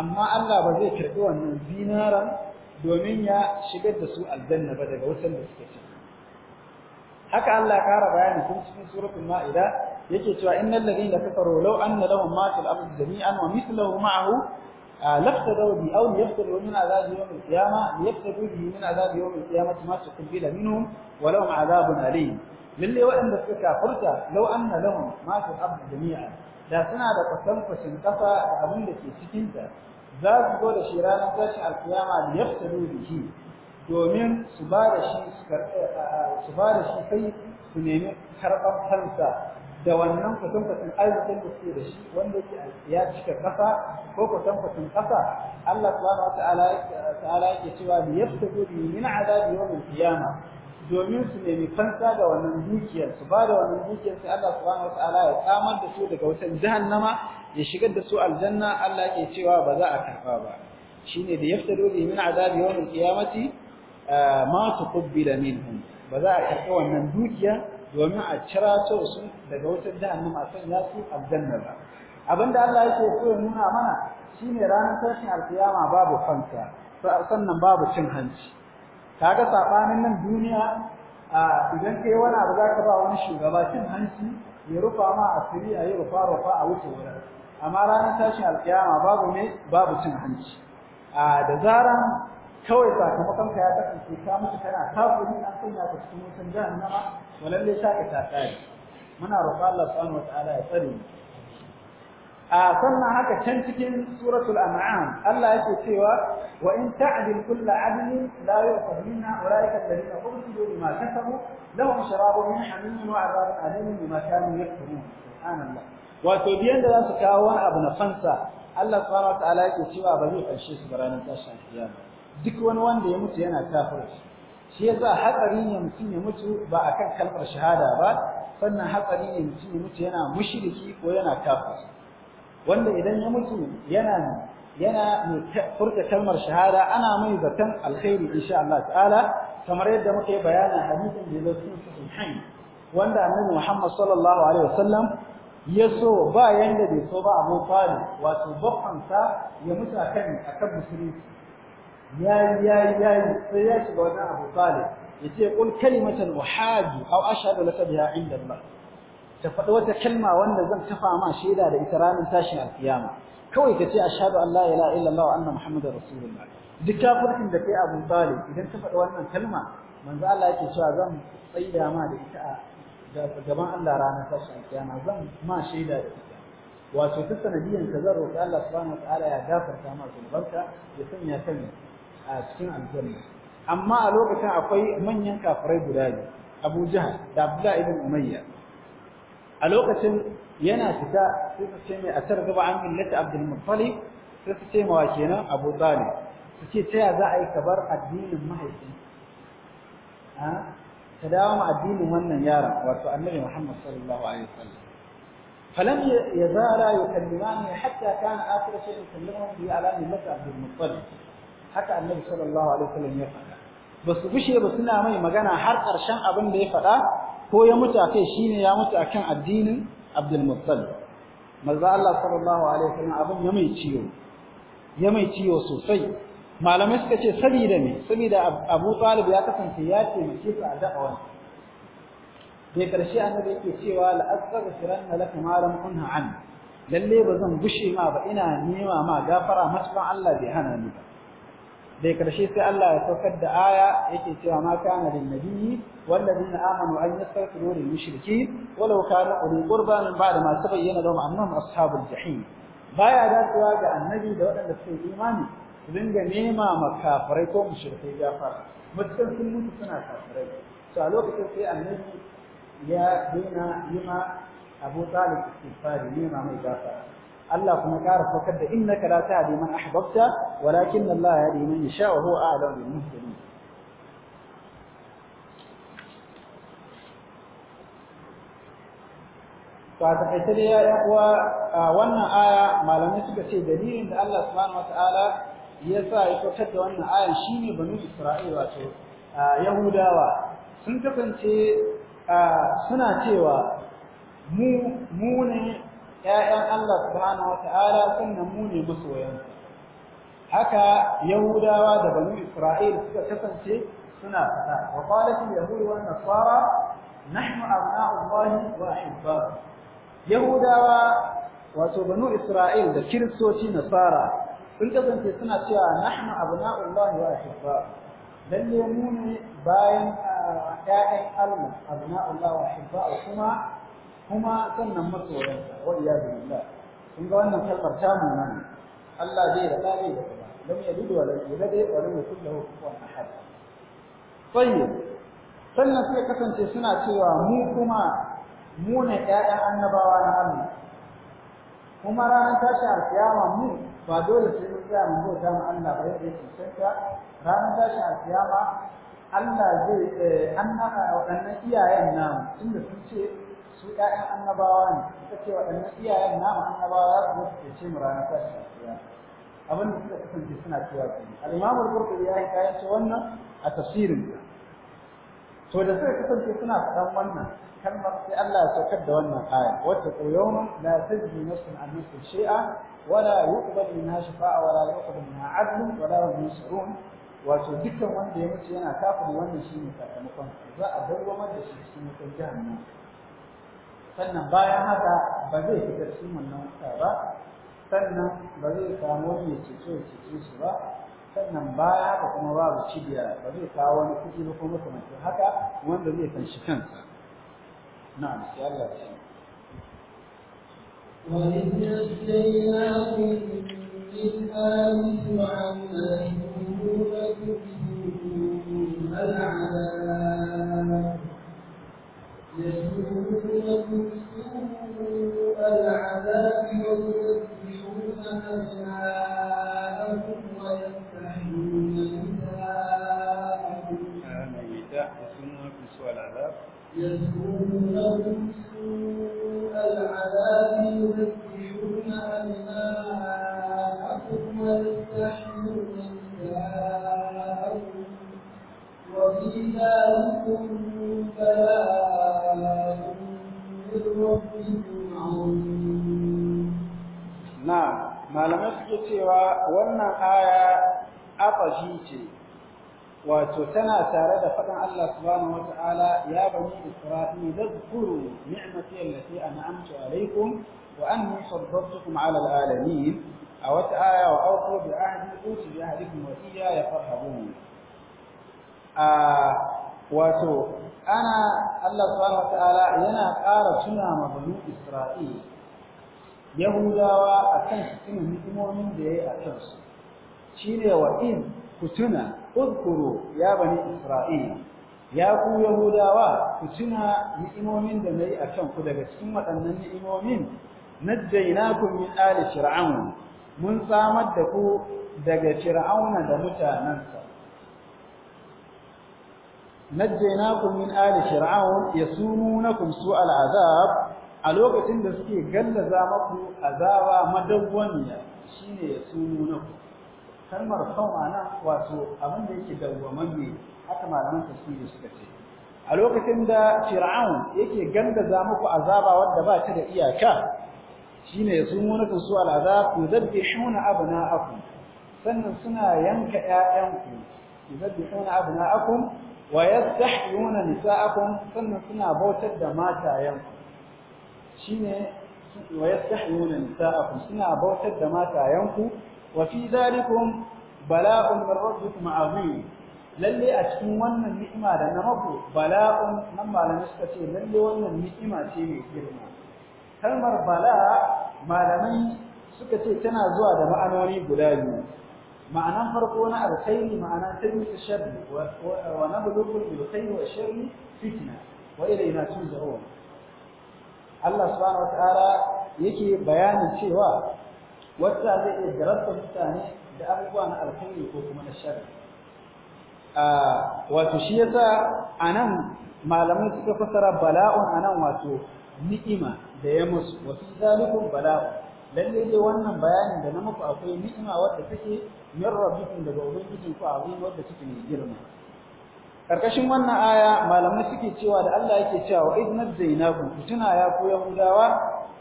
amma Allah ba zai karbi wannan zinara domin ya shigar da su aljanna ba daga wutan da suke ciki haka Allah kara bayani tun cikin suratul maida yake cewa innal ladina kafaru law anna lahum ma fil ardi jami'an wa mithluhu ma'ahu لفتدوا به أو ليفتدوا من عذاب يوم القيامة ليفتدوا به من عذاب يوم القيامة ما تقبل منهم ولهم عذاب أليم من لي وإن فيك فرت لو أن لهم ما في الأرض جميعا لا سنة قسم فشنقفا أبن لك سكنت ذات قول شيران تشع القيامة ليفتدوا به domin su ba da shi su ba da shi sai su nemi karɓar kansa da wannan kwatankwacin arzikin da suke da shi wanda ya cika kasa ko kwatankwacin kasa Allah subhanahu wa ta'ala yake cewa bi yaftaku bi min azabi yawmil qiyamah domin su ne mai fansa da wannan dukiyar su ba da wannan dukiyar sai Allah subhanahu wa ta'ala ya tsamar da su daga wutan jahannama ya shigar da su aljanna Allah yake cewa ba za a karba ba shine da yaftaku bi min azabi yawmil qiyamati ma tuqbila minhum ba za a karba wannan dukiya domin a cira su daga wutar jahannama a ya su aljanna ba abinda Allah yake so nuna mana shine ranar tashin alkiyama babu fanka, sannan babu cin hanci kaga sabanin nan duniya a idan kai wani abu zaka ba wani shugaba cin hanci ya rufa ma asiri a rufa rufa a wuce wurin amma ranar tashin alkiyama babu ne babu cin hanci a da zaran kawai sakamakon ka ya kasance ka mutu kana kafiri an sanya ka cikin wutan jahannama to lalle sa ka ta tsari muna roƙa Allah subhanahu wataala ya tsare mu a sannan haka can cikin suratul an'am Allah yake cewa wa in ta'dil kulla 'adlin la yu'khadh minha ulaika alladhina ubtidu bima kasabu lahum sharabun min hamim wa 'adhabun alim bima kanu yakfurun subhanallah wato biyan da za su kawo wani abu na fansa Allah subhanahu wataala yake cewa ba zai karshe su ranar tashin kiyama duk wani wanda ya mutu yana kafirci shi yasa hatsari ne mutum ya mutu ba akan kalmar shahada ba sannan hatsari ne mutum ya mutu yana mushriki ko yana kafirci wanda idan ya mutu yana yana mai furta kalmar shahada ana mai zaton alkhairi insha Allah ta'ala kamar yadda muka yi bayanin hadisin da zai sun wanda annabi Muhammad sallallahu alaihi wasallam ya so ba yanda bai so ba Abu wato bakwansa ya mutu akan akan musulunci yayi yayi yayi sai ya shiga wani abu talib yace kul kalimatan uhadu aw ashhadu laka biha inda Allah ta faɗi wata kalma wanda zan tafa ma shaida da ita ranar tashin alkiyama kawai ka ce ashhadu an la ilaha illallah wa anna muhammadar rasulullah duk kafircin da kai abu talib idan ta faɗi wannan kalma manzo Allah yake cewa zan tsaida ma da ita a gaban Allah ranar tashin alkiyama zan ma shaida da ita wato ta sanadiyan ka zan roƙi Allah subhanahu wa ta'ala ya gafarta ma zunubanka ya sanya kan a cikin aljanna amma a lokacin akwai manyan kafirai guda biyu Abu Jahal da Abdullah ibn Umayya a lokacin yana fita sai su ce mai a targaba an millata Abdul Muttalib sai su ce mawa kenan Abu Talib su ce ta ya za a yi kabar addinin mahaifi Ta dawo ma addinin wannan yaron wato annabi Muhammad sallallahu alaihi wasallam فلم يزالا يكلمانه حتى كان آخر شيء يكلمهم به على ملة عبد المطلب haka annabi sallallahu alaihi wasallam ya faɗa ba su bushe ba suna mai magana har ƙarshen abin da ya faɗa ko ya mutu akai shine ya mutu akan addinin Abdul Muttalib manzo Allah sallallahu alaihi wasallam abin ya mai ciwo ya mai ciwo sosai malamai suka ce saboda me saboda Abu Talib ya kasance ya ce mace sa awan da karshe annabi yake cewa la'astaghfiranna laka ma lam kunha an lalle bazan bushe ma ba ina nema ma gafara matukan Allah bai hana ni ba dai karshe sai Allah ya saukar da aya yake cewa ma kana lin nabiyyi wallazina amanu an yastaghfiru lil mushriki walau kana uli qurban ba'da ma tabayyana lahum annahum ashabul jahim baya dacewa ga annabi da waɗanda suke imani su dinga nema makafirai ko mushrikai gafara mutum sun mutu suna kafirai to a lokacin sai annabi ya daina yima Abu Talib istighfari nema mai gafara Allah kuma ƙara fakar da innaka la tahdi man ahbabta walakin Allah yahdi man yasha wa huwa a'lamu bil muhtadin fa ta kai ya uwa wannan aya malamai suka ce dalilin da Allah subhanahu wataala ya sa ya fakar da wannan ayan shine banu Isra'ila wato Yahudawa sun kasance suna cewa mu mu ne ‘ya'yan Allah subhanahu wata'ala sannan mu ne masoyansa haka yahudawa da banu isra'il suka kasance suna faɗa wa qalatil yahud wa nasara nahnu abna'ullahi wa ahibba'u yahudawa wato banu isra'il da kiristoci nasara sun kasance suna cewa nahnu abna'ullahi wa ahibba'u lalle mu muni bayan ‘ya'yan ah, Allah abna'ullahi wa ahibba'u kuma kuma sannan masoyansa wa iyadu billah kun ga wannan kalmar ta munana Allah zai da tsari da kuma lam yalid wa lam yulad wa lam yakul lahu kufuwan ahad tayyib sannan sai kasance suna cewa mu kuma mu ne ƴaƴan annabawa na Allah kuma ranar tashi alkiyama mu ba dole sai mun tsaya mun bauta ma Allah ba yadda yake cancanta ranar tashi alkiyama Allah zai eh, annaba waɗannan iyayen namu tunda sun ce su ƴaƴan annabawa ne suka ce waɗannan iyayen namu annabawa za su mutu ce mu ranar tashin kiyama abin da suka kasance suna cewa su al-imamu ya yi kayan ce wannan a tafsirin to da suka kasance suna faɗan wannan kalmar sai Allah ya saukar da wannan aya wata yawma la tajzi nafsun an nafsin shay'a wala yuqbal minha shafa'a wala yuqbal minha 'adl wala hum yusrun wato dukkan wanda ya mutu yana kafin wannan shine sakamakon za a dawwamar da shi cikin jihar jahannama sannan bayan haka ba zai fita cikin wannan wuta ba sannan ba zai samu wani mai ceto ya cece shi ba sannan baya haka kuma babu cibiya ba zai kawo wani kuɗi ba kuma makamancin haka wanda zai fanshi kansa na'am sai Allah ya وإذ نجيناكم من آل فرعون قلوبكم العذاب يسوء يذوقوا سوء العذاب cewa wannan aya afashi ce wato tana tare da fadan Allah subhanahu wata'ala ya bani isra'ila zakuru ni'mati allati an'amtu alaykum wa anni saddaqtukum 'ala al'alamin alamin a wata aya wa auku bi ahdi uti bi ahdikum wa iya ya farhabun a wato ana Allah subhanahu wata'ala yana ƙara tuna ma bani isra'ila yahudawa a kan su hikimomin da ya yi a kansu shi ne wa in ku tuna uzkuru ya bani isra'ila ya ku yahudawa ku tuna ni'imomin da na yi a kanku daga cikin waɗannan ni'imomin ku min ali shir'aun mun samar da ku daga fir'auna da mutanensa. jaina ku min ali na yasumunakum su al'azab a lokacin da suke gallaza maku azaba madawwamiya shine ya sunu na ku kalmar ana wato abin da yake dawwamamme haka malaman tafsiri suka ce a lokacin da fir'aun yake gallaza maku azaba wanda ba ta da iyaka shine ya sunu na ku su al'azab yudabbihuna abna'akum sannan suna yanka ƴaƴanku yudabbihuna abna'akum wa yastahiyuna nisa'akum sannan suna bautar da matayanku shine wa yastahyuna nisa'akum suna bautar da matayanku wa fi dhalikum bala'un min rabbikum azim lalle a cikin wannan ni'ima da na rabu bala'un nan malamai suka ce lalle wannan ni'ima ce mai girma kalmar bala malamai suka ce tana zuwa da ma'anoni guda biyu ma'anan farko na alkhairi ma'anan tarbiyyar sharri wa nablughul bil khairi wa sharri fitna wa ilayna tuzurun Allah subhanahu wataala yake bayanin cewa wata zai iya jarabta mutane da abubuwa na alkhairi ko kuma na sharri wato shi yasa anan malamai suka fassara bala'un anan wato ni'ima da ya musu wasu zalikun bala'u lalle dai wannan bayanin da na muku akwai ni'ima wadda take min rabbikum daga ubangijinku a wuri wadda take mai girma karkashin wannan aya malamai suke cewa da Allah yake cewa wa idnat zainabu tuna ya ku gawa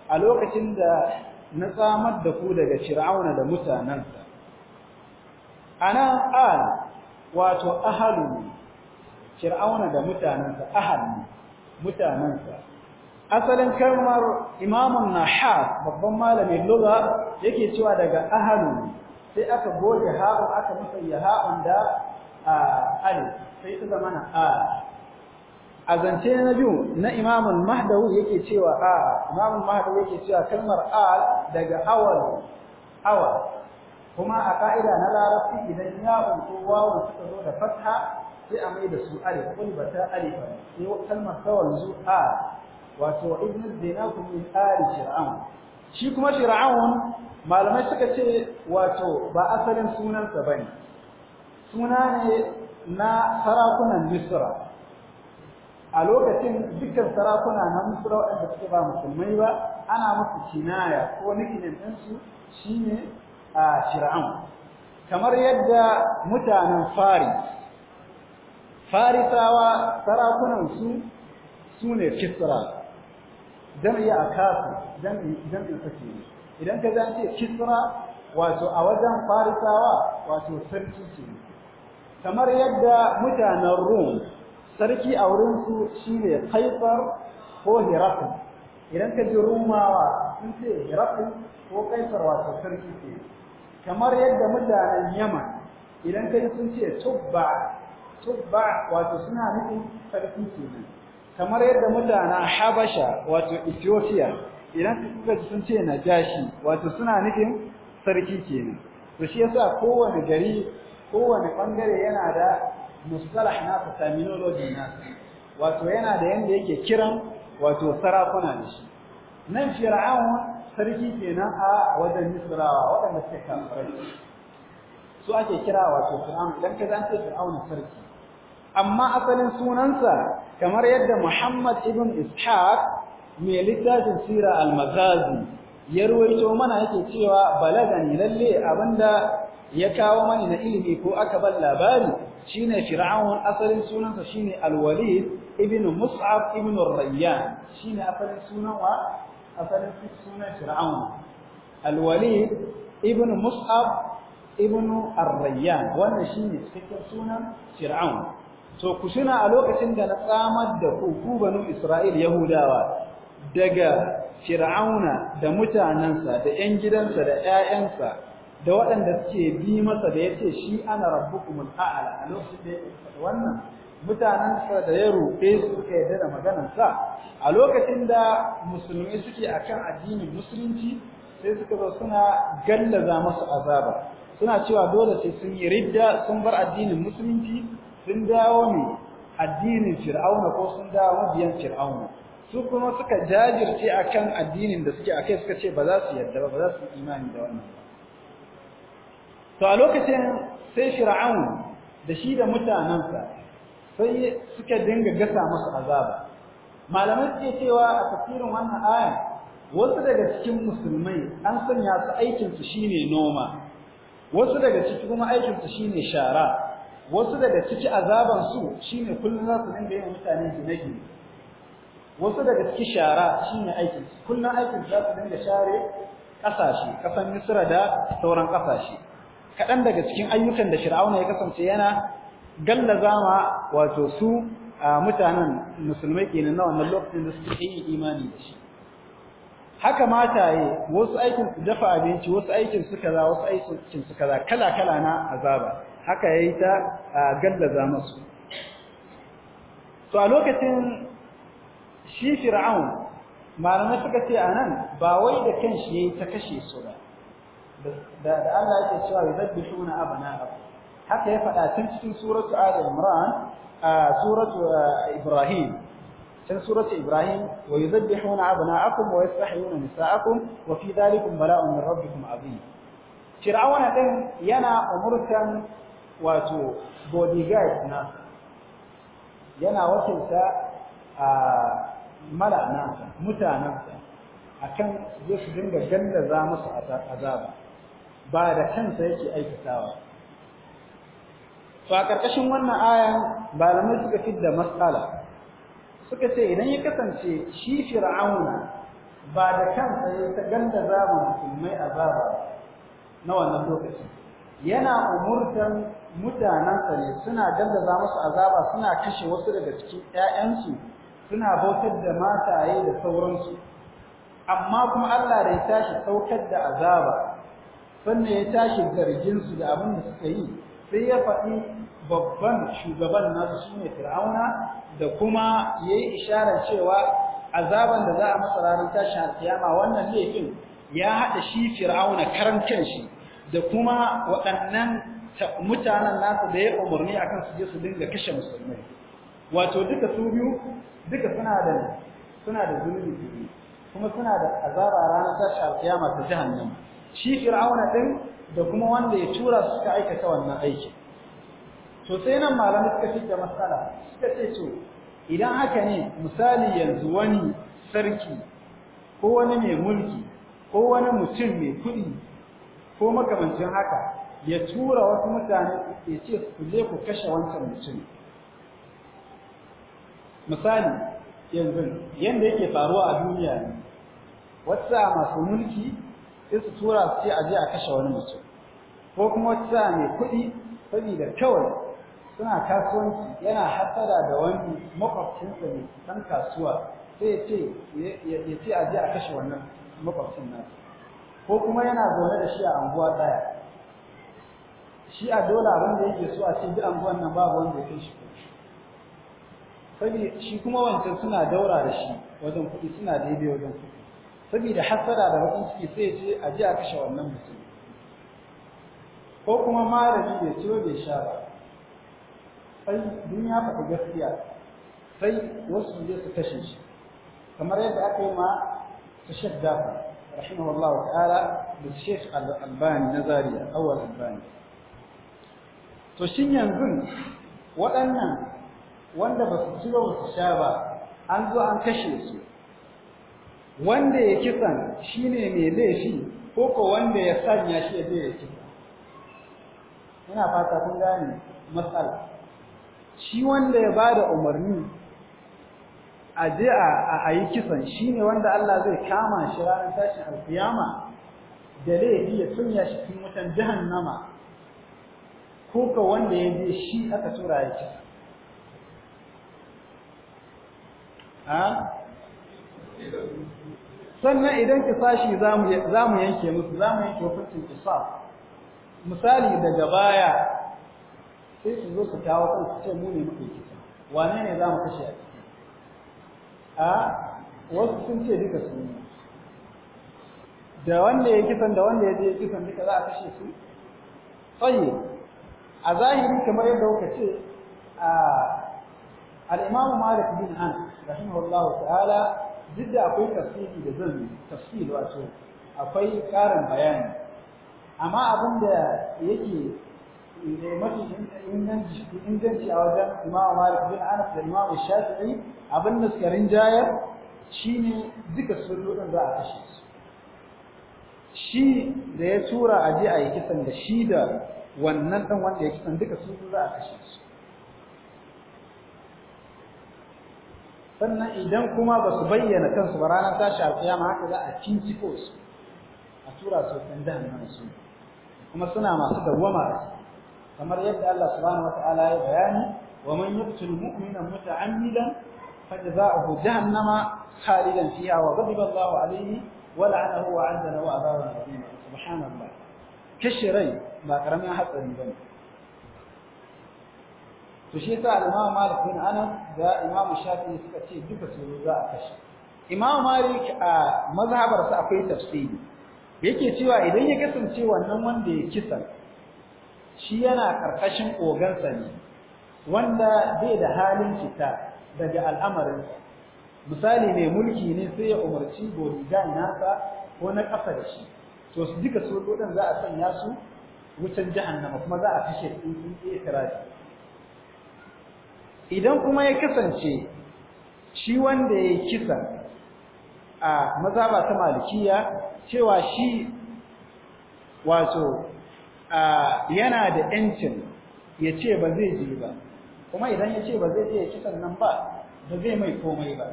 a lokacin da na tsamar da ku daga fir'auna da mutanansa ana al wato ahalu fir'auna da mutanansa ahalu mutanansa asalin kalmar imamun nahas babban malamin lugha yake cewa daga ahalu sai aka goge ha'un aka musayya ha'un da alif sai zama na a a zance na biyu na imamun mahdawi yake cewa a imamun mahdawi yake cewa kalmar a daga awal awal kuma a ka'ida na larabci idan ya ko wawon suka zo da fatha sai a mai da su alif kun ba ta alif sai kalmar ta wanzu a wato ibn zinakum min ali shir'aun shi kuma shir'aun malamai suka ce wato ba asalin sunansa bane suna ne na sarakunan Misra a lokacin dukkan sarakuna na Misra waɗanda suke ba musulmai ba ana musu kinaya ko nickname ɗinsu shine a kamar yadda mutanen Faris Farisawa sarakunan su sune Kisra jam'i akasu jam'i jam'i kake idan ka zance Kisra wato a wajen Farisawa wato sarki ce kamar yadda mutanen Rum sarki a wurin su shine Kaisar ko Herakl idan ka ji Rumawa sun ce Herakl ko Kaisar wato sarki ce kamar yadda mutanen Yaman idan ka ji sun ce Tubba Tubba wato suna nufin sarki kenan kamar yadda mutanen Habasha wato Ethiopia idan ka ji sun ce Najashi wato suna nufin sarki kenan to shi yasa kowane gari kowane ɓangare yana da mustalah nasa terminology nasa wato yana da yanda yake kiran wato sarakuna da shi nan fir'aun sarki kenan a wajen misrawa waɗanda suke kafirai su ake kira wato fir'aun dan ka zan ce fir'aun sarki amma asalin sunansa kamar yadda Muhammad ibn Ishaq mai littafin Sira al mazazi ya ruwaito mana yake cewa balaga balagani lalle abinda ya kawo mani na ilimi ko aka bar labari shine fir'aun asalin sunansa shine al-walid ibn mus'ab ibn ar-rayyan shine asalin sunan wa asalin sunan fir'aun al-walid ibn mus'ab ibn ar-rayyan wannan shine cikakken sunan fir'aun to ku a lokacin da na tsamar da ku ku banu isra'il yahudawa daga fir'auna da mutanansa da ƴan gidansa da ƴaƴansa da waɗanda suke bi masa da yace shi ana kuma ta'ala a lokacin da yake wannan sa da ya roƙe su suka yarda da maganarsa a lokacin da musulmi suke akan addinin musulunci sai suka zo suna gallaza masu azaba suna cewa dole sai sun yi ridda sun bar addinin musulunci sun dawo ne addinin fir'auna ko sun dawo biyan fir'auna su kuma suka jajirce akan addinin da suke akai suka ce ba za su yarda ba ba za su imani da wannan ba. to a lokacin sai shir'aun da shi da mutanansa sai suka dinga gasa musu azaba malamai suke cewa a tafsirin wannan aya wasu daga cikin musulmai an sanya su aikin su shine noma wasu daga ciki kuma aikin su shine shara wasu daga ciki azaban su shine kullun za su dinga yin mutane gine-gine wasu daga ciki shara shine aikin su kullun aikin su za su dinga share kasashe kasan Misra da sauran kasashe kaɗan daga cikin ayyukan da shir'auna ya kasance yana gallaza ma wato su mutanen musulmai kenan na wannan lokacin da suke yi imani da shi haka mata yi wasu aikin su dafa abinci wasu aikin su kaza wasu aikin su kaza kala kala na azaba haka yayi ta gallaza masu to a lokacin shi fir'aun malamai suka ce anan ba wai da kanshi yayi ta kashe su ba da da Allah yake cewa yudabbihuna abana'akum haka ya fada tun cikin suratu ali imran a suratu ibrahim can suratu ibrahim wa yudabbihuna abana'akum wa yastahiyuna nisa'akum wa fi dhalikum bala'un min rabbikum azim fir'auna din yana umurtan wato bodyguard na yana wakilta a mala'anansa mutanansa akan yake je su dinga gallaza musu azaba ba da kansa yake aikatawa to a ƙarƙashin wannan aya malamai suka fidda matsala suka ce idan ya kasance shi fir'auna ba da kansa ya ta ganda zama musulmai azaba na wannan lokaci yana umurtan mutanensa ne suna ganda za musu azaba suna kashe wasu daga cikin ƴaƴansu suna bautar da mataye da sauransu amma kuma Allah da ya tashi saukar da azaba sannan ya tashi zarginsu da abin da suka yi sai ya faɗi babban shugaban nasu shine fir'auna da kuma yayi isharar cewa azaban da za a masa ranar tashin alkiyama wannan laifin ya haɗa shi fir'auna karan shi, da kuma waɗannan mutanen nasa da ya umarni akan su je su dinga kashe musulmai wato duka su biyu duka suna da suna da zunubi kuma suna da azaba ranar tashin alkiyama ta nan. shi fir'auna din da kuma wanda ya tura su suka aikata wannan aiki to sai nan malamai suka da matsala suka ce to idan haka ne misali yanzu wani sarki ko wani mai mulki ko wani mutum mai kuɗi ko makamancin haka ya tura wasu mutane ya ce ku je ku kashe wancan mutum misali yanzu yanda yake faruwa a duniya ne wasu masu mulki sai su tura su ce a je a kashe wani mutum ko kuma wata mai kuɗi saboda kawai suna kasuwanci yana hasara da wani makwabcinsa ne san kasuwa sai ya ce ya ce a je a kashe wannan makwabcin nasu? ko kuma yana zaune da shi a anguwa ɗaya shi a dole abin da yake so a ce duk anguwan nan babu wanda ya kai shi saboda shi kuma wancan suna daura da shi wajen kuɗi suna daidai wajen kuɗi saboda hasada da bakin ciki sai ce a ji a kashe wannan mutum ko kuma malami bai ciwo bai sha ba sai duniya faɗi gaskiya sai wasu zai su kashe shi kamar yadda aka yi ma su shaddafa rahimahullahu ta'ala da Sheikh Al-Albani na Zaria awal Albani to shin yanzu waɗannan wanda ba su ciwo ba su sha ba an zo an kashe su wanda ya kisan ne mai laifi ko ko wanda ya sanya shi ya ya kisa yana fata kun gane matsala shi wanda ya bada umarni a je a ayi kisan shi ne wanda Allah zai kama shi ranar tashin alkiyama da laifi ya sanya shi cikin wutan jahannama ko ko wanda ya je shi aka tura ya kisa ah? sannan idan kisashi za mu yanke musu za mu yanke hukuncin kisas misali daga baya sai su zo su kawo kan su ce mu ne muke kisa wane ne za mu kashe a ciki a wasu sun ce duka su ne da wanda ya kisan da wanda ya je kisan duka za a kashe su tsaye a zahiri kamar yadda kuka ce a al'imamu imam Malik bin Anas rahimahullahu ta'ala duk da akwai tafsiri da zan tafsiri wato akwai ƙarin bayani amma abin da yake da eh, mafi inganci inganci a wajen Imam Malik bin Anas da Imam Shafi'i abin da suka rinjayar shine duka sojojin za a kashe su shi da ya tura a je a yi kisan da shi da wannan dan wanda ya kisan duka sun za a kashe su sannan idan kuma ba su bayyana kansu ba ranar tashi alƙiyama haka za a cinciko su a tura su kan jahannama su kuma suna masu dawwama kamar yadda Allah subhanahu wataala ya bayani wa man yaqtul mu'mina muta'ammidan fajza'uhu jahannama khalidan fiha wa ghadiba Allah alayhi wa la'anahu wa 'adana wa adaba subhanallah kashirai ba karamin hatsari bane to shi yasa al-Imam Malik bin Anas da Imam Shafi'i suka ce duka su za a kashe Imam Malik a mazhabar sa akwai tafsiri yake cewa idan ya kasance wannan wanda ya kisa shi yana karkashin ogansa ne wanda bai da halin fita daga al'amarin misali mai mulki ne sai ya umarci bodyguard nasa ko na kafa da shi to su duka sojojin za a sanya su wutan jahannama kuma za a kashe tsuntsun tsirafi idan kuma ya kasance shi wanda ya kisa a mazaba ta malikiya cewa shi wato yana da ‘yancin ya ce ba zai je ba kuma idan ya ce ba zai je ya kisan nan ba ba zai mai komai ba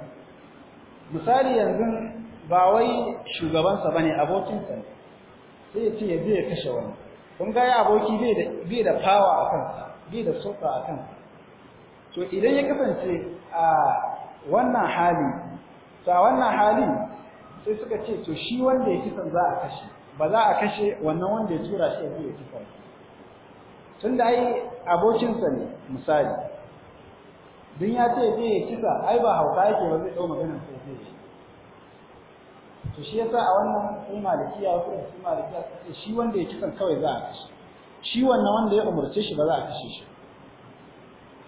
misali yanzu ba wai shugabansa ba ne abokinsa sai ya ce ya zai kashe wani kun gaya aboki bai da fawa a kansa bai da soka a kansa to idan ya kasance a wannan hali to a wannan hali sai suka ce to shi wanda ya kisan za a kashe ba za a kashe wannan wanda ya tura shi ya zo ya kisan tunda ai abokinsa ne misali don ya ce zai ya kisa ai ba hauka yake ba zai ɗau maganar sai zai shi. to shi yasa a wannan sai malikiya wasu da sun malikiya su ce shi wanda ya kisan kawai za a kashe shi wannan wanda ya umarce shi ba za a kashe shi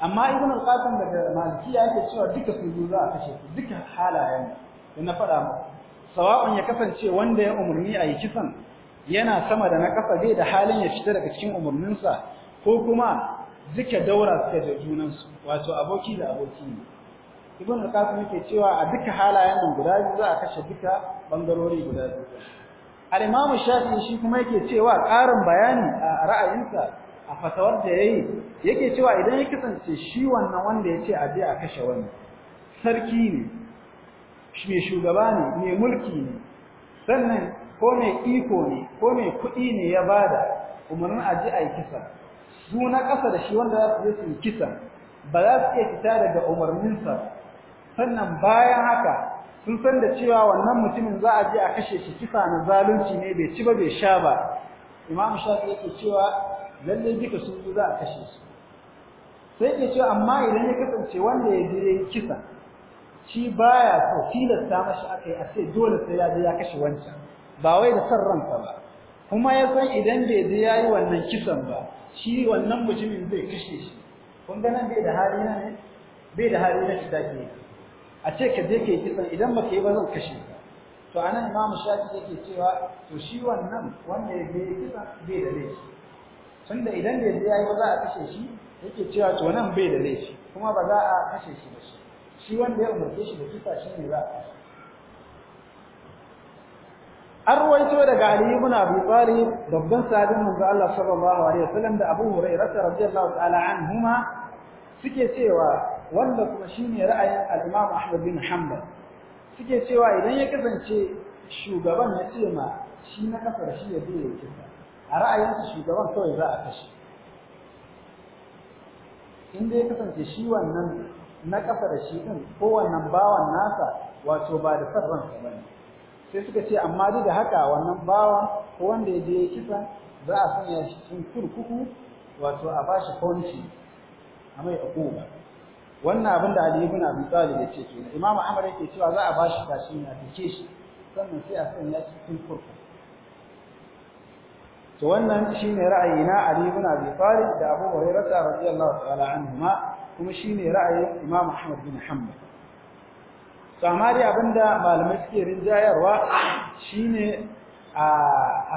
amma ibn al-qasim daga maliki yake cewa duka su biyu za a kashe su duka halayen da na faɗa sawa'un ya kasance wanda ya umurni a yi kisan yana sama da na kafa dai da halin ya fita daga cikin umurninsa ko kuma duka daura suka da junansu wato aboki da aboki ibn al-qasim yake cewa a duka halayen nan guda biyu za a kashe duka bangarori guda biyu al-imam shafi'i shi kuma yake cewa ƙarin bayani a ra'ayinsa a fatawar da yayi yake cewa idan ya kasance shi wannan wanda ya ce a je a kashe wani sarki ne mai shugaba ne mai mulki ne sannan ko mai iko ne ko mai kuɗi ne ya bada umarnin a je a yi kisa su na ƙasa da shi wanda za su je su yi kisa ba za su iya fita daga umarninsa sannan bayan haka sun san da cewa wannan mutumin za a je a kashe shi kisa na zalunci ne bai ci ba bai sha ba imam shafi yake cewa lalle duka su za a kashe su sai ke ce amma idan ya kasance wanda ya je kisa shi baya so ta mashi aka yi a sai dole sai ya je ya kashe wancan ba wai da san ransa ba kuma ya san idan bai je ya yi wannan kisan ba shi wannan mutumin zai kashe shi kun ga nan bai da hali na ne bai da hali na da ke a ce ka je ka yi kisan idan ba ka yi ba zan kashe ka to anan imamu shafi yake cewa to shi wannan wanda ya je kisan bai da laifi tunda idan bai je yayi ba za a kashe shi yake cewa to nan bai da laifi kuma ba za a kashe shi ba shi wanda ya umarci shi da kisa shi ne za a kashe an daga Ali ibn Abi Talib babban sahabin manzo Allah sallallahu alaihi wasallam da Abu Hurairah radhiyallahu ta'ala anhuma suke cewa wanda kuma shine ra'ayin al-Imam Ahmad bin Hanbal suke cewa idan ya kasance shugaban ya ce ma shi na kafar shi ya je ya kisa a ra'ayinsu shugaban kawai za a kashe in dai kasance shi wannan na ƙasa da shi din kowannan bawan nasa wato ba da san ransa bane sai suka ce amma duk da haka wannan bawan ko wanda ya je kisa za a sanya shi cikin kurkuku wato a bashi kwanci a mai hukuma wannan abin da Ali ibn Abi Talib yake cewa Imam Ahmad yake cewa za a bashi kashi na a take shi sannan sai a sanya shi cikin kurkuku to wannan shine ra'ayi na Ali ibn Abi Talib da Abu Hurairah radiyallahu ta'ala anhuma kuma shine ra'ayin Imam Ahmad bin Hanbal to amma dai abinda malamai suke rinjayarwa shine a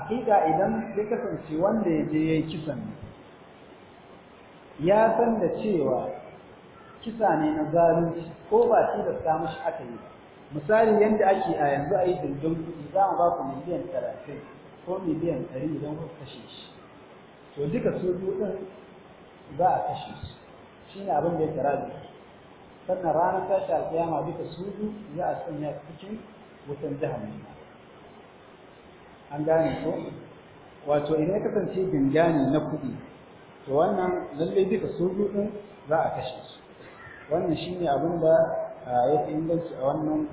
hakika idan ya kasance wanda ya je yayi kisan ya san da cewa kisa ne na zalunci ko ba shi da sa mashi aka yi misali yadda ake a yanzu a yi dindin kuɗi za mu ba ku miliyan talatin ko miliyan ɗari idan kuka kashe shi to duka sojo ɗin za a kashe su shi ne abin da ya tara da sannan ranar tashi alƙiyama duka sojo za a sanya cikin wutan jihar jahannama an gane ko wato idan ya kasance dingani na kuɗi to wannan lallai duka sojo ɗin za a kashe su wannan shi ne abin da ah, ya fi inganci a wannan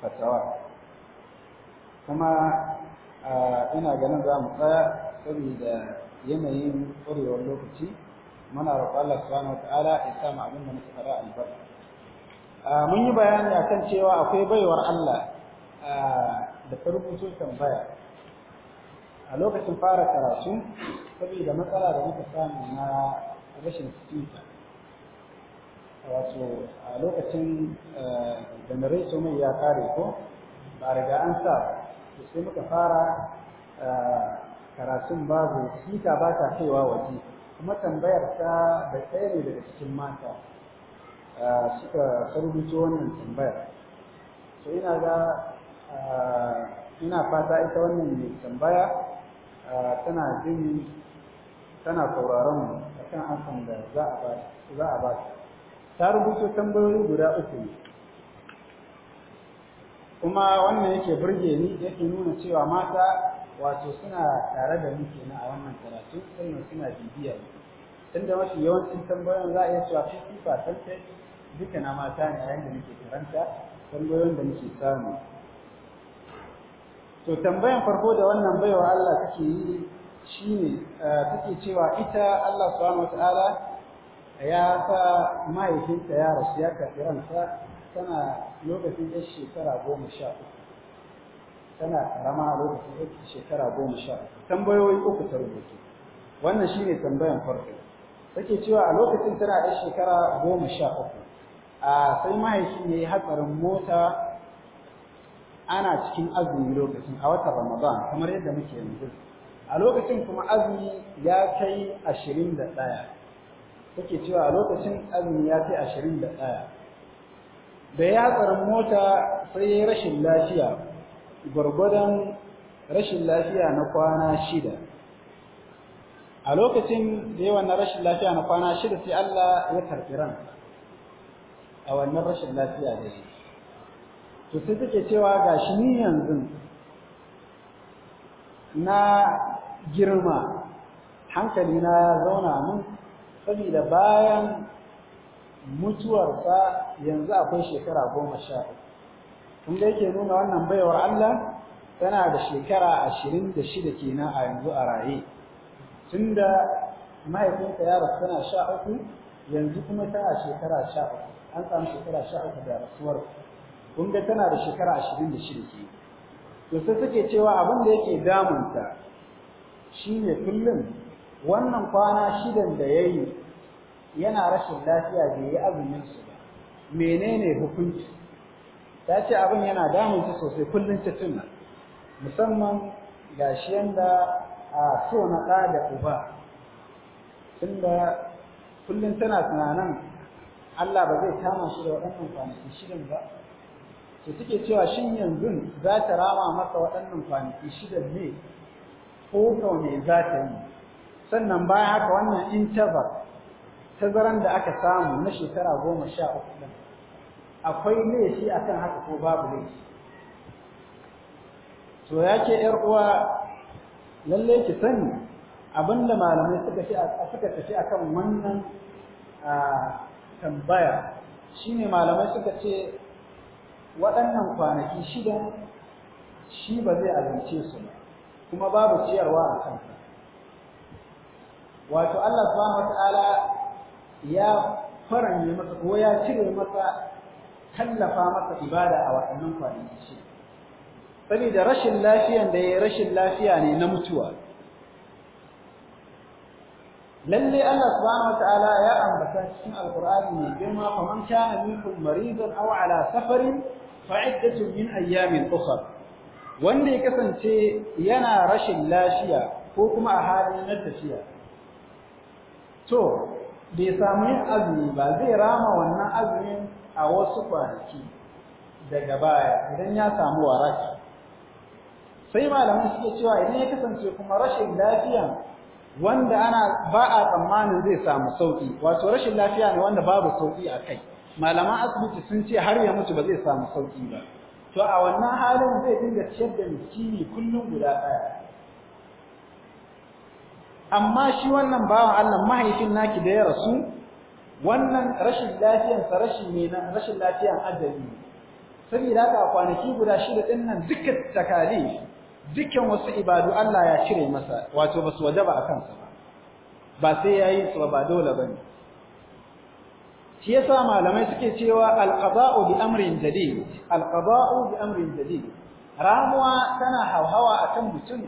fatawa kuma Ah, ina ganin za mu tsaya saboda yanayin ƙwarewar lokaci muna roƙon Allah subhanahu wataala ya sa mu abin da muka fara albarka ah, mun yi bayani akan cewa akwai baiwar Allah ah, da ta sun tambaya a lokacin fara karatu saboda matsala da muka samu na rashin speaker wato a lokacin da na mai ya kare ko ba riga an sa to sai muka fara eh, karatun babu sita ba ta kaiwa waje kuma tambayar ta da ɗaya ne daga cikin mata eh, suka sarbuto wannan tambayar so ina ga eh, ina fata ita wannan mai tambaya tana jin tana sauraron akan amsan da za a ba ta rubuto tambayoyi guda uku ne kuma wannan yake burge ni yake nuna cewa mata wato suna tare da mu kenan a wannan karatu sannan suna bibiya tunda mafi yawancin tambayoyin za a iya cewa fifty sante, duka na mata ne a yanda muke karanta tambayoyin da muke samu to tambayan farko da wannan baiwa Allah take yi shine eh, take cewa ita Allah subhanahu wataala ya sa mahaifinta ya rasu ya kafi ransa tana lokacin yar shekara goma sha uku tana karama lokacin yar shekara goma sha uku tambayoyi uku ta rubutu wannan shine tambayan farko take cewa a lokacin tana yar shekara goma sha uku a sai mahaifi ne hatsarin mota ana cikin azumi lokacin a watan Ramadan kamar yadda muke yanzu a lokacin kuma azumi ya kai ashirin da ɗaya take cewa a lokacin azumi ya kai ashirin da ɗaya. da ya tsara mota sai ya rashin lafiya gwargwadon rashin lafiya na kwana shida a lokacin da yawan wannan rashin lafiya na kwana shida sai Allah ya karɓi ran a wannan rashin lafiya da shi to sai take cewa gashi ni yanzu na girma hankali na zauna min sabida bayan mutuwarsa yanzu akwai shekara goma sha kun da yake nuna wannan baiwar Allah tana da shekara ashirin da shida kenan a yanzu a raye tunda mahaifinta ya tana sha uku yanzu kuma tana shekara sha uku an samu shekara sha uku da rasuwar kun ga tana da shekara ashirin da shida ke to sai suke cewa abin da yake damunta shine kullum wannan kwana shidan da ya yi yana rashin lafiya ya yi azumin su menene hukunci ta ce abin yana damun ta sosai kullum ta tuna musamman gashi yanda a so na ɗa da uba tunda kullum tana tunanin Allah ba zai kama shi da waɗannan kwanaki shidan ba to take cewa shin yanzu za ta rama masa waɗannan kwanaki shidan ne ko kau ne za ta yi sannan bayan haka wannan interval tazaran da aka samu na shekara goma sha uku ɗin akwai laifi akan haka ko babu laifi to ya ke ‘yar uwa lalle ki sani abinda malamai suka tafi akan wannan tambaya shine malamai suka ce waɗannan kwanaki shida shi ba zai azance su ba kuma babu ciyarwa a kansa wato Allah subhanahu wataala ya faranye masa ko ya cire masa tallafa masa ibada a waɗannan kwanaki shi saboda rashin lafiyan da ya rashin lafiya ne na mutuwa lalle Allah subhanahu wataala ya ambata cikin alqur'ani ne girma fa man kana minkum maridan aw ala safarin fa iddatun min ayyamin ukhra wanda ya kasance yana rashin lafiya ko kuma a halin na tafiya to bai samu yin azumi ba zai rama wannan azumin a wasu kwanaki daga baya idan ya samu waraki sai malamin suke cewa idan ya kasance kuma rashin lafiya wanda ana ba a tsammanin zai samu sauki wato rashin lafiya ne wanda babu sauki a kai malaman asibiti sun ce har ya mutu ba zai samu sauki ba to a wannan halin zai dinga ciyar da miskini kullum guda ɗaya amma shi wannan bawan Allah mahaifin naki da ya rasu wannan rashin lafiyan sa rashin ne na rashin lafiyan ajali saboda haka kwanaki guda shida din nan duka takali dukan wasu ibadu Allah ya cire masa wato basu wajaba a kansa ba ba sai yayi su ba dole bane shi yasa malamai suke cewa alqada'u bi amrin jadid alqada'u bi amrin jadid ramuwa tana hawhawa akan mutum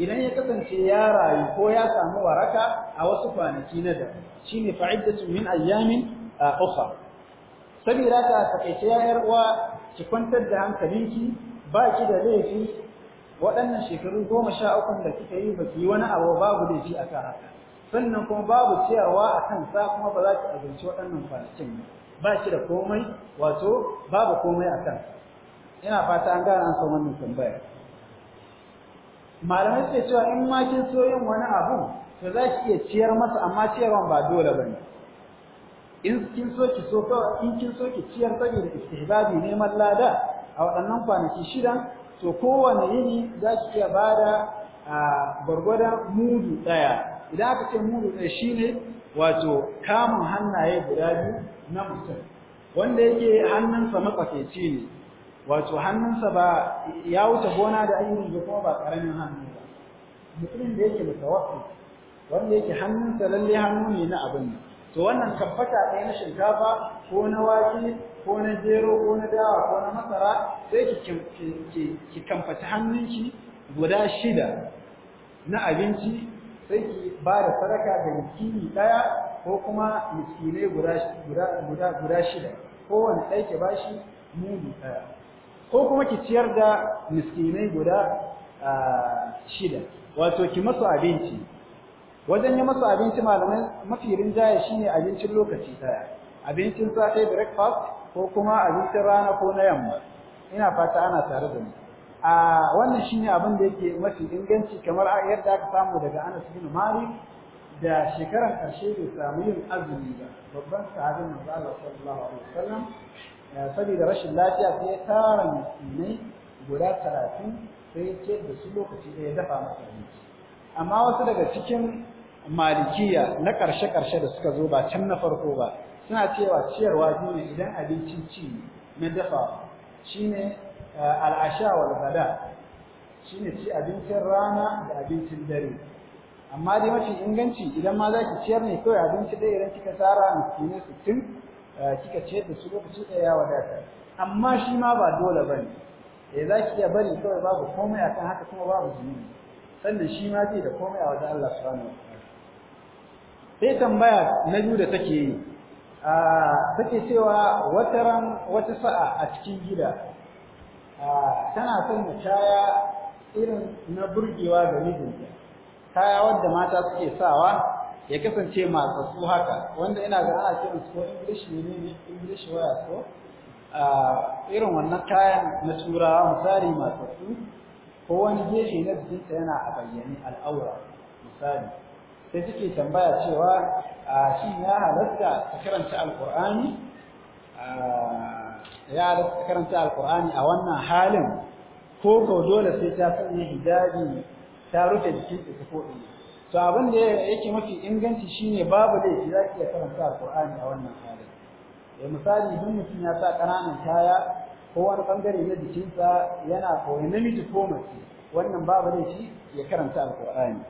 idan ya kasance ya rayu ko ya samu waraka a wasu kwanaki na da shine fa'idatu min ayyamin a ƙofa. sabira ta takaice ya yar'uwa, ki kwantar da hankalinki ba ki da laifi waɗannan shekaru goma sha uku da kika yi ba ki wani abu babu laifi a kan haka sannan kuma babu ciyarwa a kan sa kuma ba za ki abinci waɗannan kwanakin ba ki da komai wato babu komai a kan ina fata an gane an san wannan tambaya malamai suke cewa in ma kin so yin wani abu to za ki iya ciyar masa amma ciyarwan ba dole bane in kin so ki so kawai in kin so ki ciyar saboda istihbabi neman lada a waɗannan kwanaki shida to kowane yini za ki iya bada a gwargwada mudu ɗaya idan aka ce mudu ɗaya shine wato kamun hannaye guda biyu na mutum wanda yake hannunsa matsakaici ne wato hannunsa ba ya wuce gona da ainihin da kuma ba karamin hannu ba mutumin da yake mutawaffi wanda yake hannunsa lalle hannu ne na abin to wannan tabbata ɗaya na shinkafa ko na wake ko na jero ko na dawa ko na masara sai ki ki hannun hannunki guda shida na abinci sai ki ba da sadaka ga miskini ɗaya ko kuma miskinai guda guda guda shida kowane ɗaya ki shi mudu ɗaya ko kuma ki ciyar da miskinai guda shida wato ki masu abinci wajen yi masu abinci malamai mafi rinjaya shine abincin lokaci daya abincin safe breakfast ko kuma abincin rana ko na yamma ina fata ana tare da ni a wannan shine abin da yake mafi inganci kamar yadda aka samu daga Anas bin Malik da shekaran karshe bai samu yin azumi ba babban sahabin manzo Allah sallallahu alaihi wasallam Eh, saboda rashin lafiya sai ya tara musulmai guda talatin sai ya ce da su lokaci ɗaya dafa masa abinci amma wasu daga cikin malikiya na ƙarshe-ƙarshe da suka zo ba can na farko ba suna cewa ciyarwa biyu ne idan abincin ci na dafa shi ne eh, al'asha wal gada shi ne ci abincin rana da abincin dare amma dai mafi inganci idan ma za ki ciyar ne kawai abinci ɗaya idan kika tara miskini sittin Eh, kika ce da su lokaci da ya wadata amma shi ma ba dole bane eh zaki iya bari kawai babu komai akan haka kuma babu zunubi sannan shi ma zai da komai a wajen Allah subhanahu wa ta'ala sai tambaya na biyu da take yi a ah, take cewa wata ran wata sa'a a cikin gida ah, tana son ta kaya irin na burgewa ga mijinta kaya wadda mata suke sawa ya kasance matsatsu haka wanda ina ga ana kiran su ko English menene English waya ko irin wannan kayan na turawa misali matsatsu ko wani gefe na bikinta yana a bayyane al'aura misali sai suke tambaya cewa shin ya halatta ta karanta alqur'ani ya halatta karanta a wannan halin ko ko dole sai ta sanya hijabi ta rufe jikinta ta ko to abin da yake mafi inganci shine babu laifi za ki iya karanta alqur'ani a wannan hali eh misali idan mutum ya sa ƙananan kaya ko wani bangare na jikinsa yana koyi namiji ko mace wannan babu laifi ya karanta alqur'ani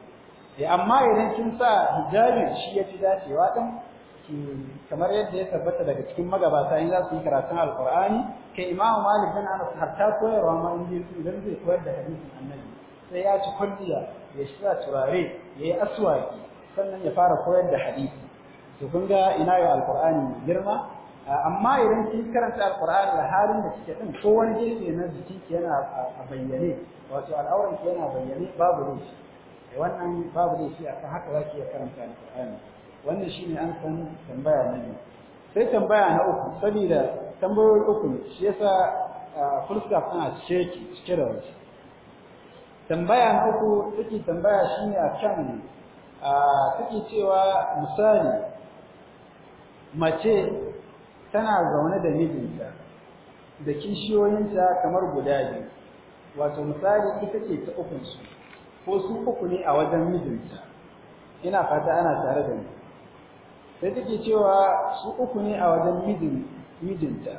eh amma idan kin sa hijabi shi ya fi dacewa din kamar yadda ya tabbata daga cikin magabata in za su yi karatun alqur'ani kai imamu malik bin anas hatta koyarwa ma in zai koyar da hadisin annabi sai ya ci kwalliya ya shiga turare ya yi aswaki sannan ya fara koyar da hadisi to kun ga ina ya alqur'ani girma amma idan kin karanta alqur'ani da halin da kike din ko wani gefe na jikinki yana a bayyane wato al'auran ki yana bayyane babu rufi eh, wannan babu rufi akan haka zaki ya karanta alqur'ani wannan shine an san tambaya na biyu sai tambaya na uku saboda tambayoyi uku ne shi yasa full stop ana cike da wasu tambaya na uku take tambaya shine akan a take cewa misali mace tana zaune da mijinta da kishiyoyinta kamar guda biyu wato misali ita ce ta uku su ko su uku ne a wajen mijinta ina fata ana tare da ni sai take cewa su uku ne a wajen mijin mijinta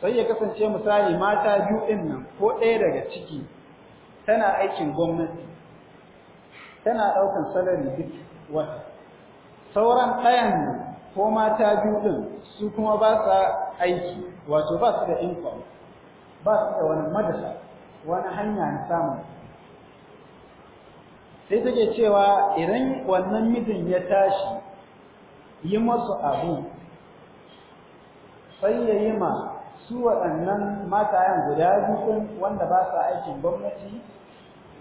sai ya kasance misali mata biyu din nan ko ɗaya daga ciki tana aikin gwamnati tana ɗaukan salari duk wata sauran ɗayan ko mata biyu ɗin su kuma ba sa aiki wato ba su da income ba su da wani madasa wani hanya na samun sai take cewa idan wannan mijin ya tashi yi masu abu sai ya yi ma su waɗannan matayen guda biyu wanda ba sa aikin gwamnati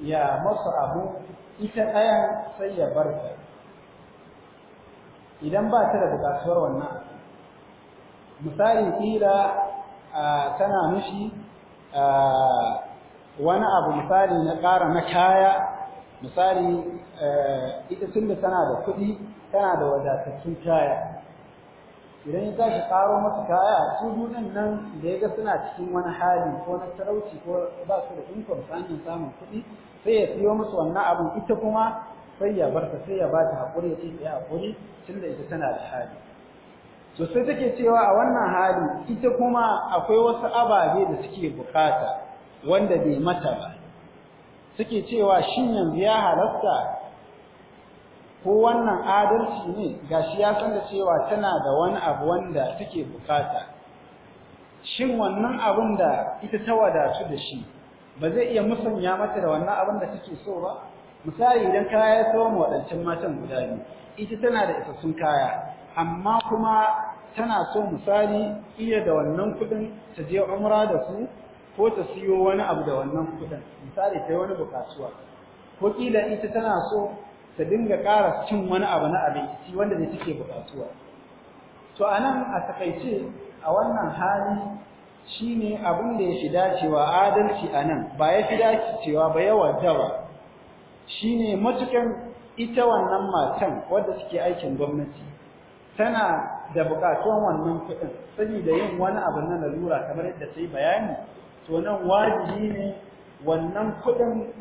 ya masu abu ita ɗayan sai ya bar ta idan ba ta da buƙatuwar wannan misali kila tana mishi wani abu misali na ƙara na kaya misali eh, ita tun da tana da kuɗi tana da wadatattun kaya idan ya tashi karo masa kaya su dudin nan da ya ga suna cikin wani hali ko na talauci ko ba su da income samun samun kuɗi sai ya siyo musu wannan abin ita kuma sai ya barta sai ya bata hakuri ya ce ya hakuri tunda ita tana da hali to sai take cewa a wannan hali ita kuma akwai wasu ababe da suke bukata wanda bai mata ba suke cewa shin yanzu ya halasta. ko wannan adalci ne ga shi ya san da cewa tana da wani abu wanda take bukata shin wannan abun da ita ta wadatu da shi ba zai iya musanya mata da wannan abun da take so ba misali idan kaya ya sawo waɗancan matan guda biyu ita tana da isassun kaya amma kuma tana so misali iya da wannan kudin ta je umra da su ko ta siyo wani abu da wannan kudin misali ta yi wani bukatuwa ko kila ita tana so ta dinga ƙara cin wani abu na abinci wanda ne take buƙatuwa to anan a takaice a wannan hali shine abin da ya fi dacewa adalci a nan ba ya fi dacewa ba yawa shi shine matukan ita wannan matan wadda suke aikin gwamnati tana da buƙatuwan wannan kuɗin saboda yin wani abu na lalura kamar yadda ta yi bayani to nan wajibi ne wannan kuɗin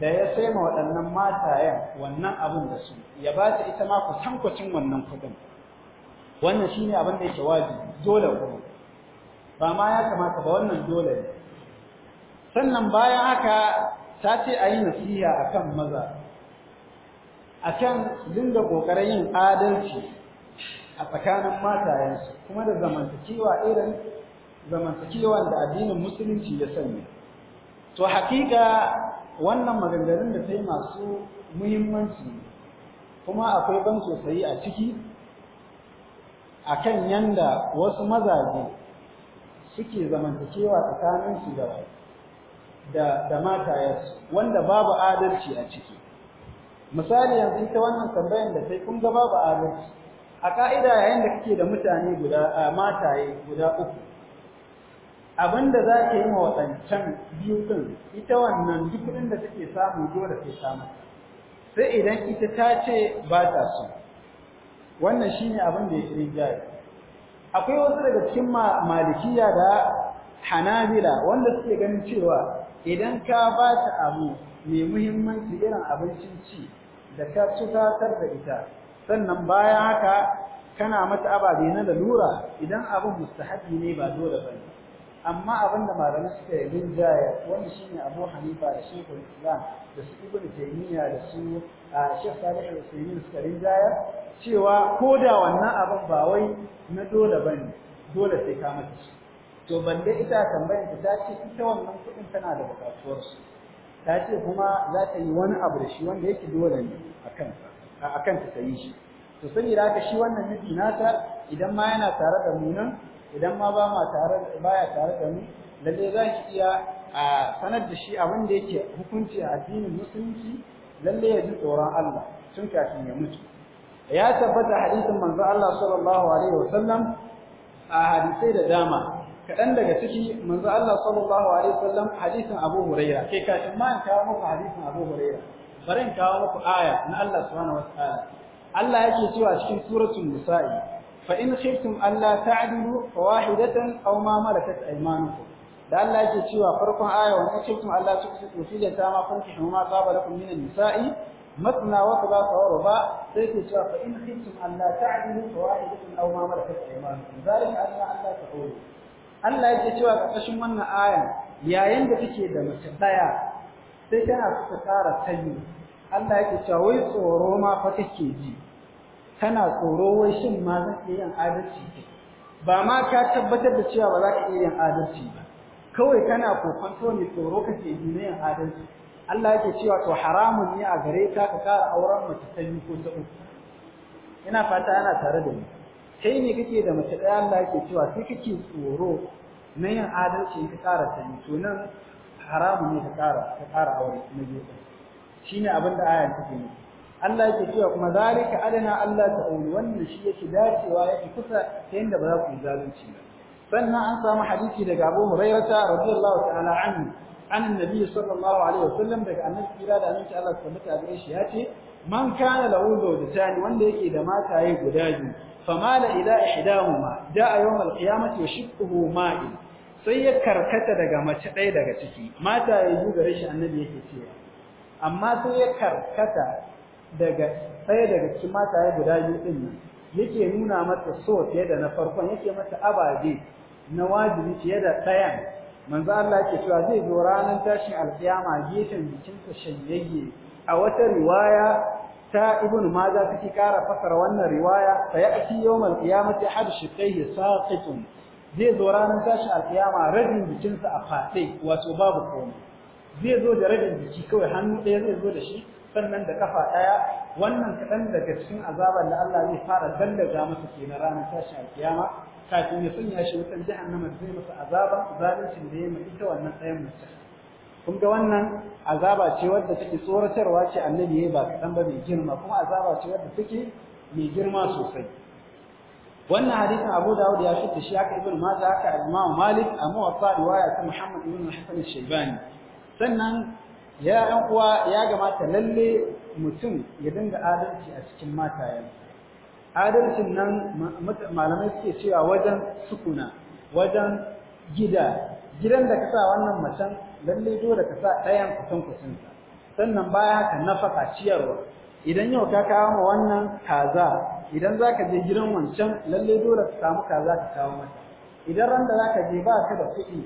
da ya sai ma waɗannan matayen wannan abin da su ya ba ta ita ma kusankwacin wannan kuɗin wannan shi ne abin da yake wajibi dole kuma ba ma ya kamata ba wannan dole ne sannan bayan haka ta ce a yi nasiha a kan maza a kan dinga ƙoƙarin yin adalci a tsakanin matayensu kuma da zamantakewa irin zamantakewan da addinin musulunci ya sanya to hakika wannan maganganun da ta yi masu muhimmanci kuma akwai ban sosai a ciki a kan yanda wasu mazaje suke zamantakewa tsakaninsu da da da yasu wanda babu adalci a ciki misali yanzu ita wannan tambayan da sai kun ga babu adalci a ka'ida yayin da kake da mutane guda mataye guda uku abinda za ka yi ma waɗancan biyu ɗin ita wannan duk kuɗin da take samu dole sai samu sai idan ita ta ce ba ta so wannan shine abin da ya shirin jari akwai wasu daga cikin malikiya da hanabila wanda suke ganin cewa idan ka ba ta abu mai muhimmanci irin abincin ci da ka tukatar da ita sannan bayan haka kana mata ababe na lalura idan abin mustahabi ne ba dole ba ne amma abinda malamai suka yi jaya, wanda shi ne Abu Hanifa da shi Islam da su Ibn Taymiyyah da su shek Salih da utsaimin suka linjaya cewa ko da wannan abin ba wai na dole bane dole sai ka mata shi to balle ita tambayar ta ce ita wannan kuɗin tana da bukatuwar su ta ce kuma za ta yi wani abu da shi wanda yake dole ne akan akan ta yi shi to saboda haka shi wannan miji nata idan ma yana tare da mu idan ma ba ma tare baya tare da mu lalle za ki iya a sanar da shi abin da yake hukunci a addinin musulunci lalle ya ji tsoron Allah tun kafin ya mutu ya tabbata hadisin manzo Allah sallallahu alaihi wasallam a hadisai da dama kaɗan daga ciki manzo Allah sallallahu alaihi wasallam hadisin Abu Huraira kai kafin ma in kawo muku hadisin Abu Huraira bari in kawo muku aya na Allah subhanahu wataala Allah yake cewa cikin suratul nisa'i فإن خفتم ألا تعدلوا فواحدة أو ما ملكت أيمانكم da Allah yake cewa farkon aya wannan ce kuma Allah ta kusa fi da ta ma kunki huma qaba lakum minan nisa'i matna wa thulatha wa ba. sai ke cewa fa in khiftum alla ta'dilu fa wahidatan aw ma malakat aymanukum zalika anna Allah ta'ulu Allah yake cewa kashin wannan aya yayin da kike da mace daya sai kana kusa tsara tayi Allah yake cewa wai tsoro ma fa kake ji kana tsoro wai shin ma za iya yi adalci ba ma ka tabbatar da cewa ba za ka iya yin adalci ba kawai kana kokonto ne tsoro kake yi na yin adalci Allah yake cewa to haramun ne a gare ka ka kara auren mace ta biyu ko ta uku ina fata yana tare da ni kai ne kake da mace ɗaya Allah yake cewa sai kake tsoro na yin adalci ka kara ta biyu to nan haramun ne ka kara ka kara aure na biyu shine abin da ayan take nufi Allah yake cewa kuma zalika adana Allah ta'awul wannan shi yake dacewa yake kusa ta yanda ba za ku zalunci ba sannan an samu hadisi daga Abu Hurairah radiyallahu ta'ala anhu an annabi sallallahu alaihi wasallam daga annabi kira da annabi Allah subhanahu wa ta'ala shi yace man kana lahu zawjatan wanda yake da mataye guda biyu famala ila ihdahuma da'a yawm al-qiyamati wa sai ya karkata daga mace ɗaya daga ciki mataye biyu gare shi annabi yake cewa amma sai ya karkata daga ɗaya daga cikin mataye guda biyu din nan yake nuna mata so fiye da na farkon yake mata ababe na wajibi fiye da ɗayan manzo Allah yake cewa zai zo ranar tashin alkiyama gefen jikinsa shanyayye a wata riwaya ta ibnu maza take kara fasara wannan riwaya sayati yawmal qiyamati ahad saqitun zai zo ranar tashin alkiyama rabin jikinsa a fate wato babu komai zai zo da rajin jiki kawai hannu ɗaya zai zo da shi sannan da kafa ɗaya, wannan kaɗan daga cikin azaban da Allah zai fara dandaga masa kenan ranar tashin kiyama kafin ya sun yashi wutan jahannama zai masa azaban zalincin da ya mai ita wannan tsayin mace kun ga wannan azaba ce wadda take tsoratarwa ce annabi yayi ba kaɗan ba mai girma kuma azaba ce wadda take mai girma sosai wannan hadisin Abu Dawud ya fitta shi haka Ibn Majah haka Imam Malik amma wa riwaya ta Muhammad ibn Hasan al-Shaybani sannan ya ɗan uwa ya gamata lalle mutum ya dinga adalci a cikin yanzu. adalcin nan malamai suke cewa wajen sukuna wajen gida gidan da ka sa wannan macen lalle dole ka sa ɗayan kusan sannan baya haka nafa ciyarwa idan yau ka kawo ma wannan kaza idan za ka je gidan wancan lalle dole ka samu kaza ka kawo mata idan ran za ka je ba ka da kuɗi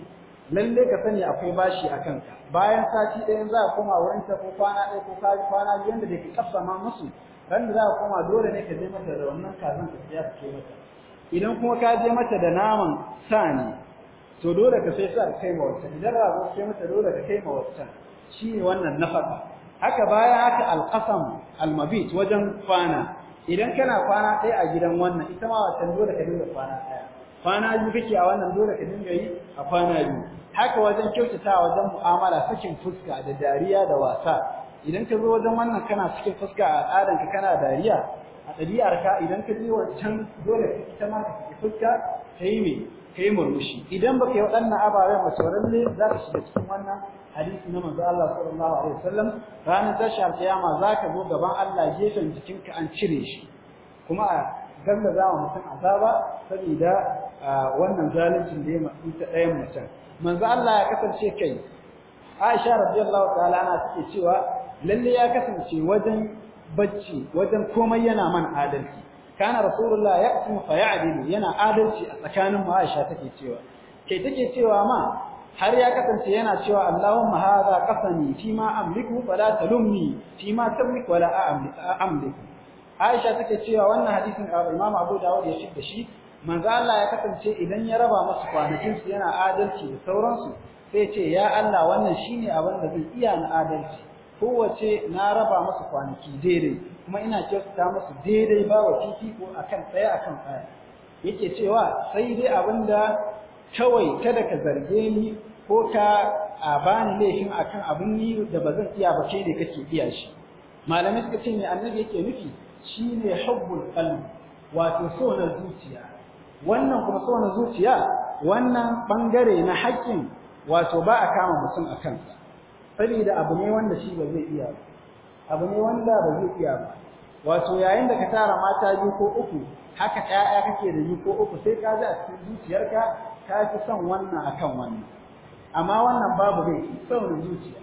lalle ka sani akwai bashi a kanka bayan sati ɗaya za a koma wurin ta ko kwana ɗaya ko kwana biyu da ke ma musu ran da za a koma dole ne ka je mata da wannan kazan ka siya ka mata idan kuma ka je mata da naman sa ne to dole ka sai sa kai ma wancan, idan rago sai mata dole ka kai ma wancan shi ne wannan nafaka haka bayan haka alqasam almabit wajen kwana idan kana kwana ɗaya a gidan wannan ita ma wata dole ka dinga kwana ɗaya kwana biyu kake a wannan dole ka dinga yi a kwana biyu haka wajen kyautata wajen mu'amala sakin fuska da dariya da wasa idan ka zo wajen wannan kana cikin fuska a al'adanka kana dariya a ɗabi'arka idan ka je wancan dole ka ita ma ka fuska ka yi murmushi idan baka yi waɗannan ababen mace ne za ka shiga cikin wannan hadisi na manzo Allah sallallahu alaihi wasallam ranar tashar kiyama za ka zo gaban Allah gefen jikinka an cire shi kuma da za wa mutum azaba saboda wannan zaluncin da ya masu ta ɗayan mutum manzo Allah ya kasance kai Aisha radiyallahu ta'ala ana take cewa lalle ya kasance wajen bacci wajen komai yana man adalci kana rasulullah yaqsimu fa ya'dilu yana adalci a tsakanin mu Aisha take cewa kai take cewa ma har ya kasance yana cewa Allahumma hadha qasami fi ma amliku fala talumni fi tamliku wala amliku Aisha take cewa wannan hadisin Imam Abu Dawud ya shidda shi manzo Allah ya kasance idan ya raba musu kwanakin su yana adalci da sauransu sai ce ya Allah wannan shine abin da zai iya na adalci kowace na raba musu kwanaki daidai kuma ina kyautata musu daidai ba wa titi ko akan tsaya akan tsaya yake cewa sai dai abinda kawai kada ka zarge ni ko ka a bani laifin akan abin ni da bazan iya ba kai ne kake iya shi malamai suka ce me annabi yake nufi shine hubbul qalbi wato so na zuciya wannan kuma so na zuciya wannan bangare na haƙƙin wato ba a kama mutum a kansa saboda abu ne wanda shi ba zai iya ba abu ne wanda ba zai iya ba wato yayin da ka tara mata biyu ko uku haka ƴaƴa kake da biyu ko uku sai ka ji a cikin zuciyarka ka fi son wannan akan wannan amma wannan babu rai son zuciya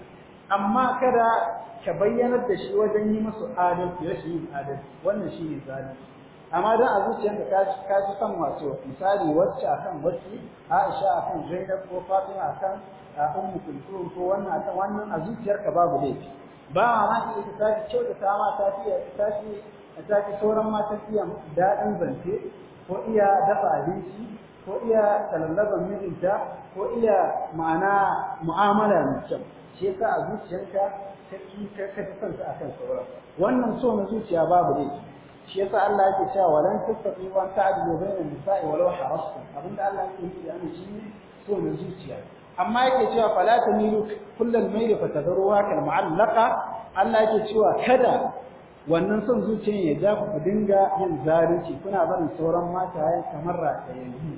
amma kada ka bayyanar da shi wajen yi musu adalci rashin yin adalci wannan shi ne zalunci amma dan a zuciyarka ka ka ji san wato misali wacce akan wacce Aisha akan Zainab ko Fatima akan Ummu Kulthum ko wannan akan wannan a zuciyarka babu laifi ba ma ki ta ci kyau da ta ma ta fi ta ta fi sauran mata iya daɗin zance ko iya dafa abinci ko iya talallaban mijinta ko iya ma'ana mu'amala mai kyau shi ka a zuciyarka ka a akan sauran wannan so na zuciya babu ne shi yasa Allah yake cewa walan tasabi wa ta'dilu bainan nisa'i walau harastu abinda Allah yake nufi da shi ne so na zuciya amma yake cewa fala milu kullal mayl fa tadruha kal mu'allaqa Allah yake cewa kada wannan son zuciyan ya ja ku dinga yin zalunci kuna barin sauran yayin kamar ratayayi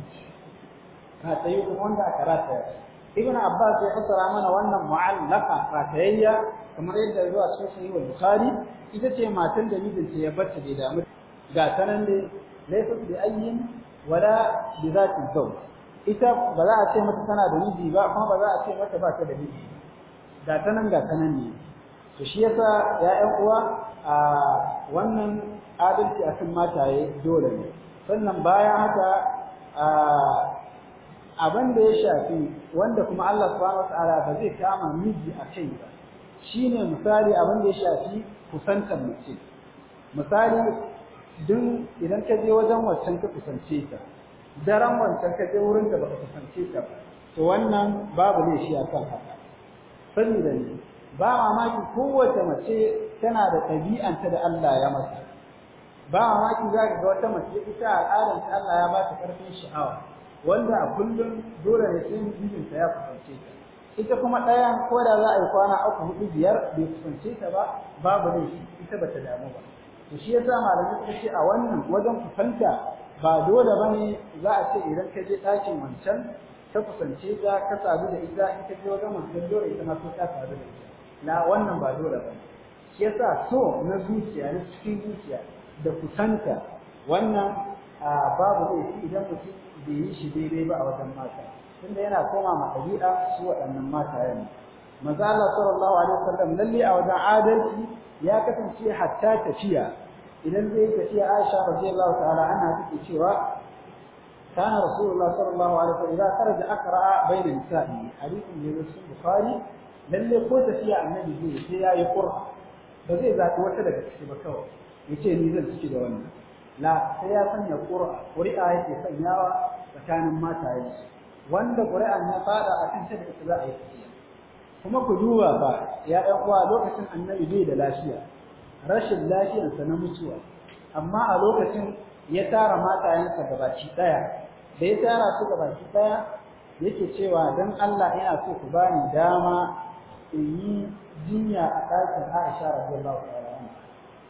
ka tsayi kuma wanda aka rataya ibn abbas ya fassara mana wannan mu'allaka fatayya kamar yadda zuwa cikin sahih al-bukhari ita ce matan da mijinta ya barta da damu ga tanan ne laysa bi ayyin wala bi zati zawj ita ba za a ce mata tana da miji ba kuma ba za a ce mata ba ta da miji ga tanan ga tanan ne to shi yasa ya'yan uwa a wannan adalci a akan mataye dole ne sannan bayan haka abin da ya shafi wanda kuma Allah subhanahu wataala ba zai kama miji a kai ba shine misali abin da ya shafi kusantar mace misali din idan ka je wajen waccan ka kusance ta daren wancan ka je wurin da baka kusance ta ba to wannan babu ne shi akan haka da ni, ba mamaki kowace mace tana da ɗabi'anta da Allah ya mata ba mamaki za ka ga wata mace ita al'adar ta Allah ya ba ta ƙarfin sha'awa wanda a kullum dole ne sai mijinta ya kusance ta ita kuma ɗaya ko da za a yi kwana uku hudu biyar bai kusance ta ba babu laifi ita bata damu ba to shi yasa malamai suka ce a wannan wajen kusanta ba dole bane za a ce idan ka je ɗakin wancan ta kusance ta ka sadu da ita in ka je wajen wancan dole ita ma ta sadu da ita na wannan ba dole ba shi yasa so na zuciya na cikin zuciya da kusanta wannan babu laifi idan mutum bai yi shi daidai ba a wajen mata tunda yana koma ma ɗabi'a su waɗannan mata maza Allah sallallahu alaihi wasallam lalle a wajen adalci ya kasance hatta tafiya idan zai tafiya Aisha radiyallahu ta'ala anha take cewa kana rasulullah sallallahu alaihi wasallam idan kharaja akra bayna nisa'i hadithin ne da Bukhari lalle ko tafiya annabi zai sai yayi qur'a ba zai zaɓi wata daga ciki ba kawai yace ni zan ciki da wannan la sai ya sanya ƙura ƙuri'a yake sanyawa tsakanin mataye wanda ƙuri'an ya fada a cikin shirka za a yi tafiya kuma ku duba ba ya ɗan uwa lokacin annabi bai da lafiya rashin lafiyarsa na mutuwa amma a lokacin ya tara matayensa gabaki ɗaya da ya tara su gabaki ɗaya yake cewa don Allah ina so ku bani dama in yi jinya a ɗakin Aisha radiyallahu ta'ala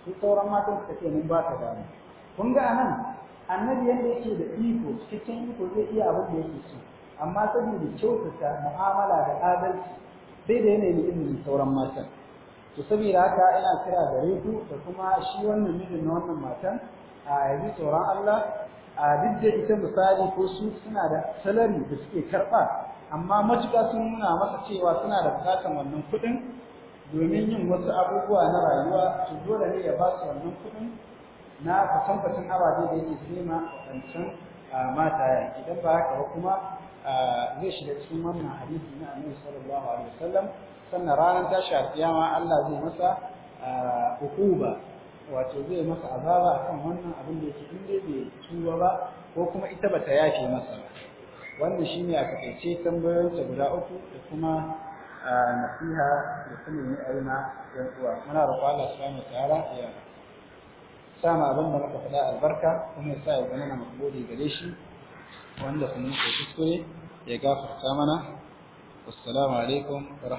su sauran matan suka ce mun ba ka dama kun ga nan annabi yadda yake da iko cikin iko zai iya abin da yake so amma saboda kyautata mu'amala da adalci sai da yanayin irin sauran matan to saboda haka ina kira gare ku da kuma shi wannan mijin na wannan matan a yanzu tsoron Allah a duk da ita misali ko su suna da salari da suke karɓa amma matuƙa sun nuna masa cewa suna da bukatar wannan kuɗin domin yin wasu abubuwa na rayuwa to dole ne ya ba su wannan kuɗin na kusankacin ababe da yake sema wancan mata idan ba haka ba kuma zai shiga cikin wannan hadisi na annabi sallallahu alaihi wasallam sannan ranar tashi alƙiyama Allah zai masa hukuba wato zai masa azaba akan wannan abin da yake inda bai tuba ba ko kuma ita bata yafe masa ba wannan shine a takaice ta guda uku da kuma nasiha da kuma yi aina yan uwa muna roƙon Allah subhanahu wa ta'ala ya sama abin da muka faɗa albarka kuma ya sa ya zama na makbuli gare shi wanda sun yi kuskure ya gafarta mana wassalamu alaikum wa